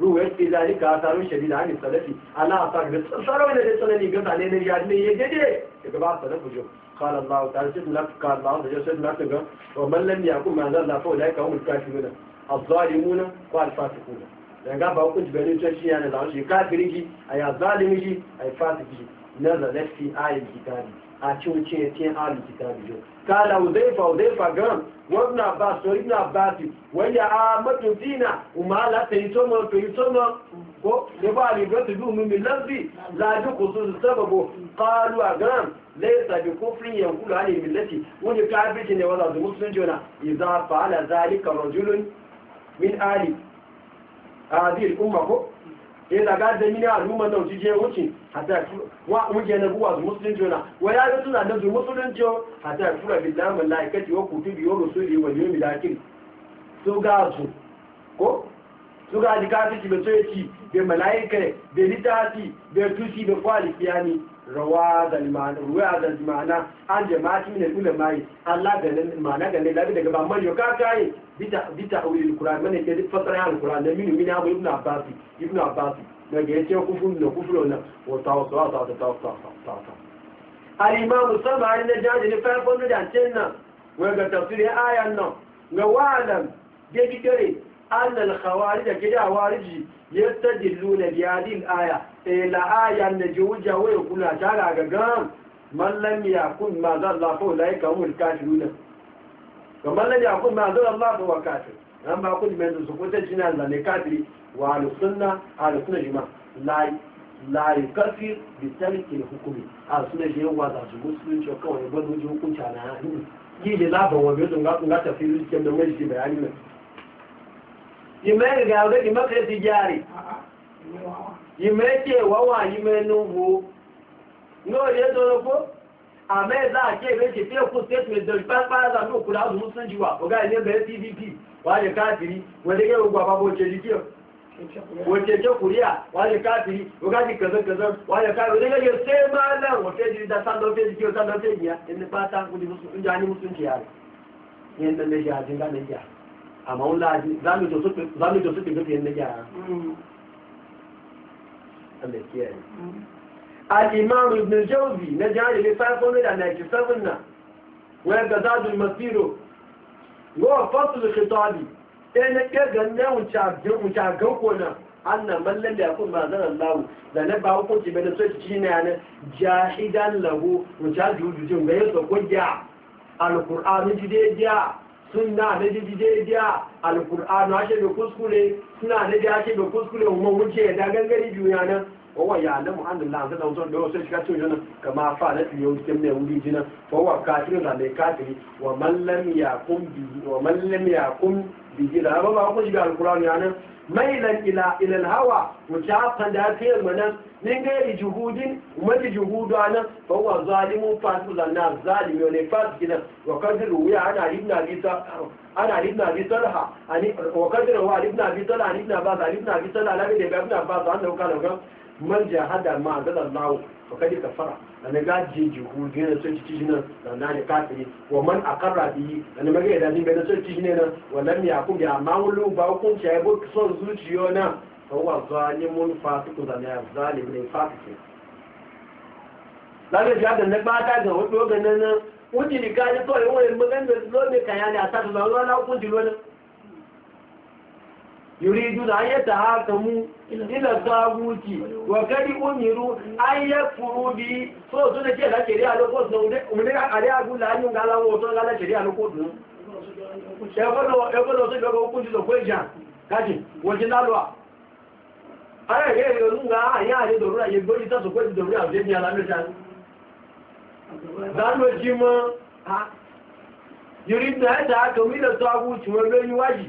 روح في ذلك آثار شديد عن السلفي على آثار صاروا إلى السنة اللي قلت علينا رياض من يجدي كبار سلف وجوه قال الله تعالى سيد منافق قال الله تعالى سيد منافق ومن لم يحكم ما انزل الله فاولئك هم الكافرون الظالمون والفاسقون dan ga ba hukunci gani ta shi yana zaune shi kafirin shi a ya zalimi shi a ya fasiki shi na zalafi a yi kitabi a cin قال وزيفة وزيفة قام وابن عباس وابن عباس ويا عامة فينا وما لا تيتم تيتم يبقى لبرت دون من لفظي زاد خصوص السبب قالوا قام ليس بكفر ينقل عليه ملتي وجه كافر كني ولا مسلم جنا إذا فعل ذلك رجل من آل هذه الأمة daga eh, da mini al'umman nan jije wuce hatta wa wuje na buwa musulun jona wa ya ga suna da musulun jiyo jo hatta fura billahi malaikati wa kutubi wa rusuli wa yawmil akhir so ga su ko suka ji kafici da soyaci da mala'ika da littafi da tushi da kwalifiya ne rawa da ma'ana an jama'ati min al-ulama Allah da ma'ana ga labi daga ban manyo ka kai bita bita awil al-Qur'an mana ke fasara al-Qur'an da min min Abu Ibn Abbas Ibn Abbas da ga yace kufun da kufun na wa tawassul ta ta ta ta ta al-Imam Samari na jaji ne 510 nan wa ga tafsiri ayan nan ga wa'alam da kitare أن الخوارج كده خوارجي يستدلون بهذه الآية إلى آية نجوجة ويقول تعالى قام من لم يكن ما ذا الله فأولئك هم الكافرون ومن لم يكن ما ذا الله فهو كافر أما أقول من سقوط الجنان لأن كافر وعلى السنة على السنة جماعة لا لا يكفر بترك الحكم على السنة جماعة وعلى السنة جماعة وعلى السنة جماعة يجي لا بوابيرتun ga tafi rikin da mai shi bayani mai ìmẹ́ ìgbàgbé ìmẹ́kẹ́ ti járe ìmẹ́ tí ẹ̀wọ́ wà ní mẹ́nu wo ní òye tó lọ́pọ̀ àmẹ́ẹ̀dá àti ìrẹ́kẹ̀ tí ẹkùn statement dọ̀rí pápára ní òkúra ọdún sún jíwà ọ̀gá ilé bẹ̀rẹ̀ pdp wà lè káàkiri wẹ́dẹ́gẹ́ gbogbo àpapọ̀ òṣèlú kí òṣèlú kòríà wà lè káàkiri ọ̀gá ti kẹ̀sẹ̀kẹ̀sẹ̀ wà lè káàkiri wẹ́dẹ́gẹ́ ṣé máa lẹ́wọ̀n fẹ́ jírí da sáńdọ́fẹ́ jírí sáńdọ́fẹ́ ìyá ẹni pátá ń kú ní musulmi amma wula za mu jo suke gafi yin na gyara al'imam ibn jauzi na jihar ne 597 na wani ga zadun masiro yawon fasul khitabi ɗaya na ƙirgan na wuce gankona annan mallan da yakun mazan Allah da na ba hukunci bai da so shi ne yana jahidan lahu wuce juju jin ga yadda ko ya suna na dide biya alkur'anu ashe da kuskure suna na biya ashe da kuskure kuma wuce da gangare juya nan wawa ya na muhammadu na zai dautar da wasu shiga cin yana kama fa na fiye wuce mai wuri jina wawa kafirin da mai kafiri wa mallam ya kun biyi da ba ba kun shiga alkur'anu ya nan ميلا إلى إلى الهوى وتعب فنداتير منا من غير جهود وما تجهود أنا فهو ظالم فاسق للناس ظالم يعني فاسق كده وقد روي عن علي بن أبي أنا علي بن أبي أنا وقد روي علي بن أبي طلحة علي بن أبي علي بن لا بد يبقى ابن أبي طلحة عنده كلام من جهاد مع ذل الله وقد كفره da ga jeji ko gina da sun ciki nan da na ne kafiri wa man akarra bi da na magana da din da sun ciki nan wa lam yakum bi amma wulu ba kun ci ai ko son zuciyo na fa wa zalimun fasiku da ya zalim ne fasiki lalle ja da na ba ta ga wato ga nan wuce ni ga ni to yi wani magana da ne kayani a ta da zo na hukunci lona يريدون أن يتهاكموا إلى الطاغوت وقد أمروا أن يكفروا به سو سنة كده شريعة لقوت ومن عليها أقول لأنه قال له وطول قال شريعة لقوت يقول له سيبقى وكنت لقوت جان kájì wọ́n ti lálọ́ ààrẹ ìgbẹ́ ìrẹ̀ olúnga àyà àrẹ ìdòrúra ìgbó ìtàṣù pé ìdòrúra àti ẹni alámẹ́ta dánú jí mọ́ yorí náà ẹ̀ta àtòmílẹ̀ tó agbó tí wọ́n lóyún wáyìí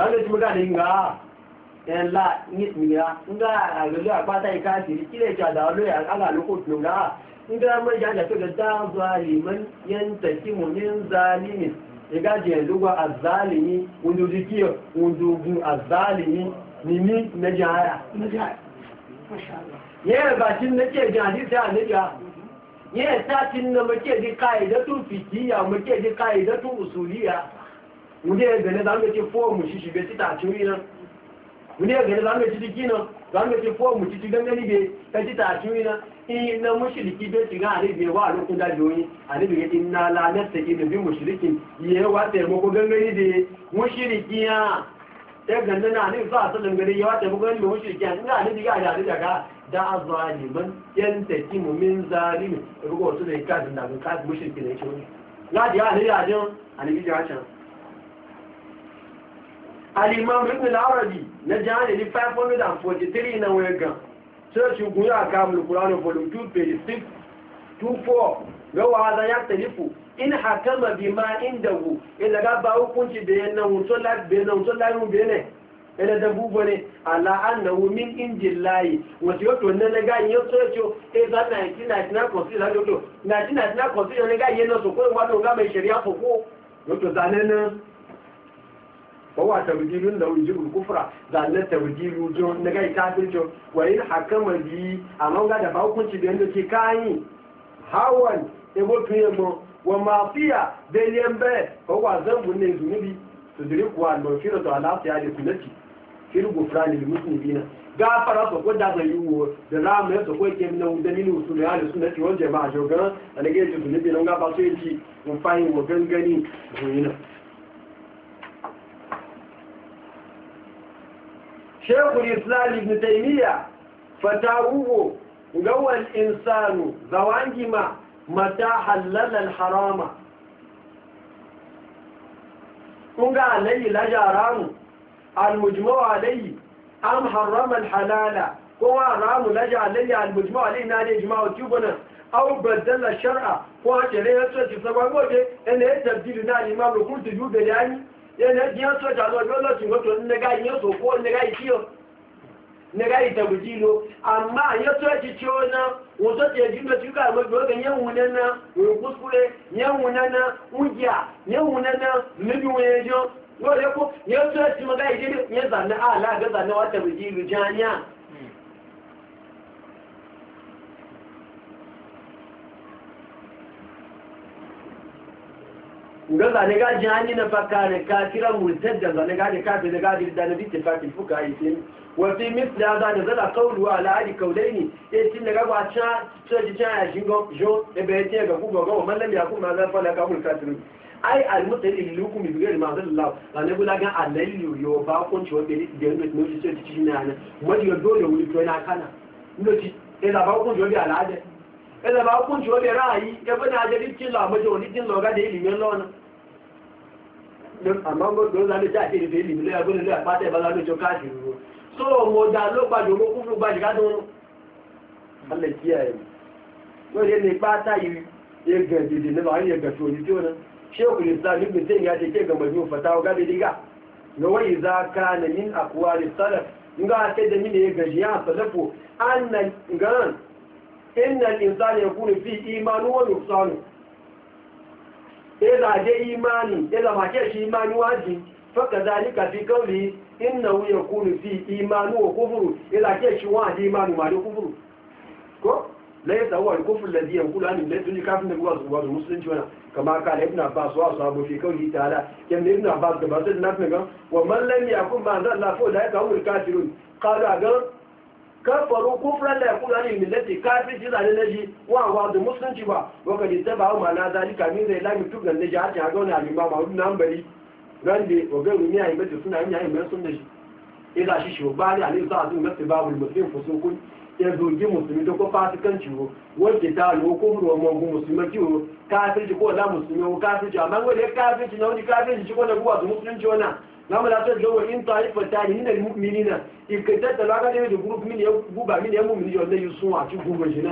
láti tí mo dáadé ń ga ẹ̀lá ní ìpìnira ń gá àgbẹ̀lú àpáta ìkáàkiri kílẹ̀ ìjọ àdá olóyè alálòkò tó ga ń gá mọ́ ìjà àjẹ́ tó ga dáàbò àlìmọ́ yẹn tẹ̀sí mọ̀ ní ń za límì ìgájẹ̀ ìlúgbà àzáàlì ní ondodikí ondogun àzáàlì ní ní ní mẹ́jọ ara yẹn bá ti ní kí ẹ̀jẹ̀ àdíṣẹ́ àlejò yẹn sá ti ní mọ́ kí ẹ̀jẹ̀ ká ìdẹ́tù fìtìyà mọ́ wunde gane za mu ci fomu shi shi be ci ta ciwi nan wunde gane za mu ci diki nan za mu ci fomu ci ci gangani be ta ci ta ciwi nan in na mushriki be ci ga ne be wa lokun da joyi ani be inna la nastaki bi mushrikin ye wa te mo ko gangani de mushriki ya ta ganna ne za su ne diga da azaliman yantaki mu da kadin mushriki wani la dia ne ya jan ani bi ja can al'imam ibn al-arabi na jihani ni 543 na wegan church guya a kamul kuranu volume 2 page 624 ga wa'aza ya talifu in hakama bi ma inda hu ila ga ba hukunci da yana wuton layin bene ila da bubo ne ala annahu min injin layi wasu yoto na na ga yin yoto yoto e eh, za 1999 constitution yoto 1999 constitution na ga yin yoto ko wani ga mai shari'a ko ko yoto zanen wawa tabdilu da wujibul kufra da na tabdilu jo na gai kafirjo wa in hakama bi amma ga da ba hukunci da yanda ke kai hawan e go tuye mo wa mafiya da yembe wawa zambu ne zunubi to dire kuwa al fira to ala ta ali kunati fil gufran lil muslimina ga fara so ko da ga yuwo da ramu ya so ko ke na dalilin usul ya al sunnati wal shekul islam ibn taimiyya fatahuhu gawal insanu zawangima mata halalal harama kunga alayi lajaramu almujmawa alayi am harama halala kowa ramu laja alayi almujmawa alayi na da ijma'a tubunan au baddala shar'a ko a kere ya tsoci sabon gobe yana ya tabbiru na limamu kurtu jube da yanyi yana jiyan soja lọ yóò lọ ṣùgbọ́n tó nígbà yóò tó kó nígbà yìí tíyọ nígbà yìí tẹ̀gù jí lo àmà yóò tó ẹ̀kì tí ó ná wọn tó tiẹ̀ jí lọ sí ká àgbẹ̀gbẹ̀ ó kẹ yẹn wù nánà òun kúskúrẹ́ yẹn wù nánà ń yẹn wù nánà níbi ga zane gaji hannu na faka ne kafiran murtar da zane gaji kafi da gaji da na bitin fakin fuka yi fi misli e ya zane zana kaulu a la'adi kaulai ne ya cin da gaba can coci can ya jingo jo da bai ce ga kuma ga wannan lamya kuma zan fala kabul kafirin ai almutsari ilu kuma biyar la lallau zane gula gan alalli yo ba kunci wanda ya da yanzu ne shi coci cikin na nan majiyar dole wuri to yana kana bi ya zaba kunci wanda al'ada ya zaba kunci wanda ra'ayi ya fi na ajiyar cin lamarci wani cin lagada ilimin lona àmọ́ gbọ́dọ̀ lálé jáde ìdè ìlú lẹ́yìn agbóni lẹ́yìn àpáta ìbálá lójó káàkiri ro tó ọmọ ọjà ló gbàdọ̀ owó kúfù gbàdọ̀ kádùn alẹ́ tí ẹ̀ wọ́n yé ní pátá yìí yẹgẹ̀ dìde nínú àwọn yẹgẹ̀ tó ní tí ó ná ṣé òkú lè sá nígbè tí ìyá ti ké gàmọ̀ ní òfàtà ọgá lè dígà lọ́wọ́ ìzá ká nà ní àkúwà lè sálẹ̀ nga kéde ní ní yẹgẹ̀ yìí àtọ̀lẹ́fọ̀ ánà gan inna ìsàn yẹkùn fi ìmánú wọn ò sọnù sai za a je imani ya zama ke shi imani wajin faka zalika fi kauli inna wuya kunu fi imanu wa kufuru ila ke shi wa ji imanu ma da kufuru ko lai sa wa kufur da ziyan kula ne lai yi kafin da ruwa zuwa zuwa musulunci wani kama ka lai ina ba su wa su abu fi kauli ta ala yan da ina ba su gaba sai da nafi gan wa mallami akun ba da ya kawo kafirun kada gan kafaru kufran da yakulu an millati kafir shi zane na shi wa wa da musulunci ba wa ka dinta ma na zalika min zai lami tugan da jaha ta gauna min ba ma nan bari rande wa ga ni ayi mace suna yin ayi mace sun da shi ila shi shi ba ni alayhi sallallahu alaihi wasallam babul muslim fusukun ya zogi musulmi da ko fasikanci wo wanda ta lo ko ruwa mu musulmi ki wo kafirci ko la musulmi ko kafirci amma wanda kafirci na wani kafirci ko da kuwa musulunci wannan na mu lafiyar da wani in tari fata ni ne mu'mini na ikanta da laga da group min ya e guba min ya e mu'mini yo ne yusu a ci guba shi na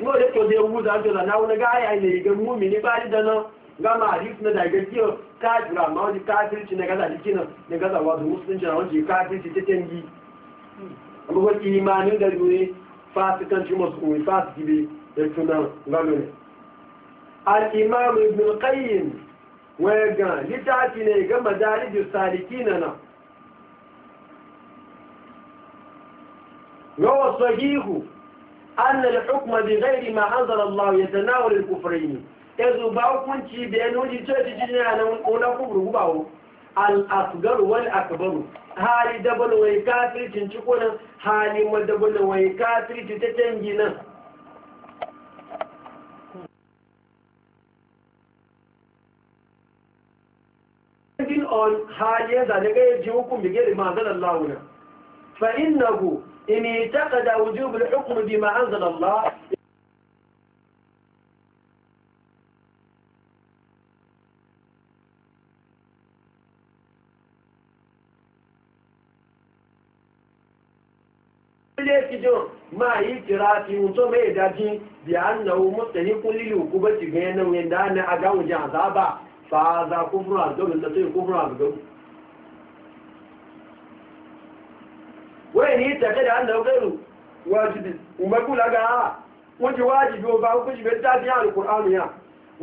no da to da wu da to da na wani ga ai ne ga mu'mini ba da na ga ma hadis na da ga kiyo kafira ma wani kafirci na gaza dikina na gaza wa da musulunci na wani kafirci ta tangi amma wani imanin da dure fasikanci masu kuma fasiki bai da tunan gano ne al-imam ibn qayyim waya ga littafi ne ga majalibin saliki na nan yawa sahihu an al-hukma bi ghairi ma Allah yanzu ba hukunci da ya nuni ce ji jina nan ona kubru bawo al-asgar wal hali dabal wai kafircin cikonan hali madabal kafirci ta tangi nan sitting on hajiyar da daga yaji hukun da gari ma'azalar Allah wuna fa innahu in ta wujub al-hukm bi ma Allah ki jo ma yi kira to me da ji bi annahu mustahiqun lil hukubati ga yanayin da na aga wajen azaba fàáza kúfúrú àdọ́gbẹ̀ tó yẹ kúfúrú àdọ́ wọ́n ní ìtẹ̀kẹ́dẹ̀ àndọ̀gbẹ̀rù wájìbì umarkulaga wọ́n ti wájìbì ọba kújì bẹ́ dábí alùkùránù yà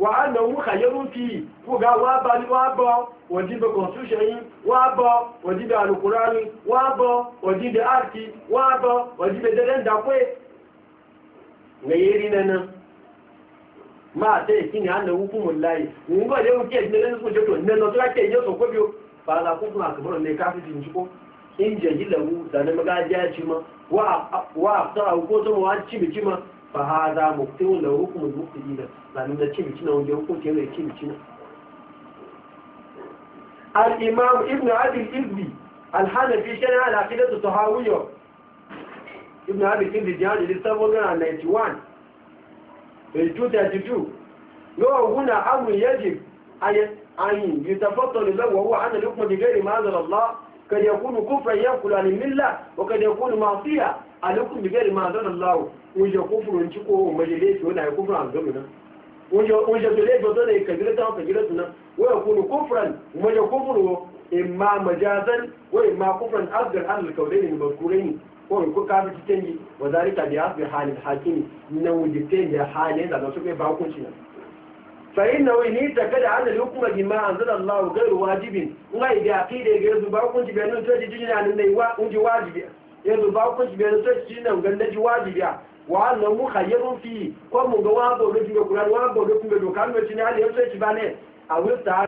wà á nà mú kàyẹ́rù fi kúgá wà bá ní wà bọ́ òdíbẹ̀ constitution yìí wà bọ́ òdíbẹ̀ alùkùránù wà bọ́ òdíbẹ̀ arti wà bọ́ òdíbẹ̀ dẹ́dẹ́ ma tẹ́ ìkíni ànáwó fún mọ̀láyé òun bọ̀ léwu kí ẹ̀dínlẹ́ lẹ́nu fún ìjọ́tò nẹ́nà tó láti ẹ̀yẹ́ sọ kóbi o fàlà kún fún àkàbọ̀rọ̀ ní káfí ti nìkó injẹ yìí lẹ́wu dànàmọ́gá jẹ́ ẹ̀kí ma wà àfẹ́ àwòkó tó wọ́n á tìbìtì ma fàhádà mọ̀tẹ́wò lẹ́wu fún oúnjẹ ibn abi 791 الجدد يوهنا أمر يجب أن يتفضل له وهو عن الحكم بغير ما أنزل الله قد يكون كفرا يأكل عن الملة وقد يكون معصية الحكم بغير ما أنزل الله وجه كفر ونشكوه ومجلس هنا يكفر عن ذنبنا وجه تليج وطنع كبيرتنا وكبيرتنا ويكون كفرا ومجه كفره إما مجازا وإما كفرا أفضل عن الكولين المذكورين ko in kuka bi cikin yi wa zalika bi asbi halil hakimi na wujite da halin da su kai bakunci nan fa inna wa ni ta kada an hukuma bima anzala Allah ghairu wajibin ngai bi aqida ga zu bakunci bi nan to ji jinna nan dai wa unji wajibi yanzu bakunci bi nan to ji jinna ga nan ji wajibi wa annan mukhayyarun fi ko mun ga wa bo ga Qur'an wa bo ga dokan ne ne a wuta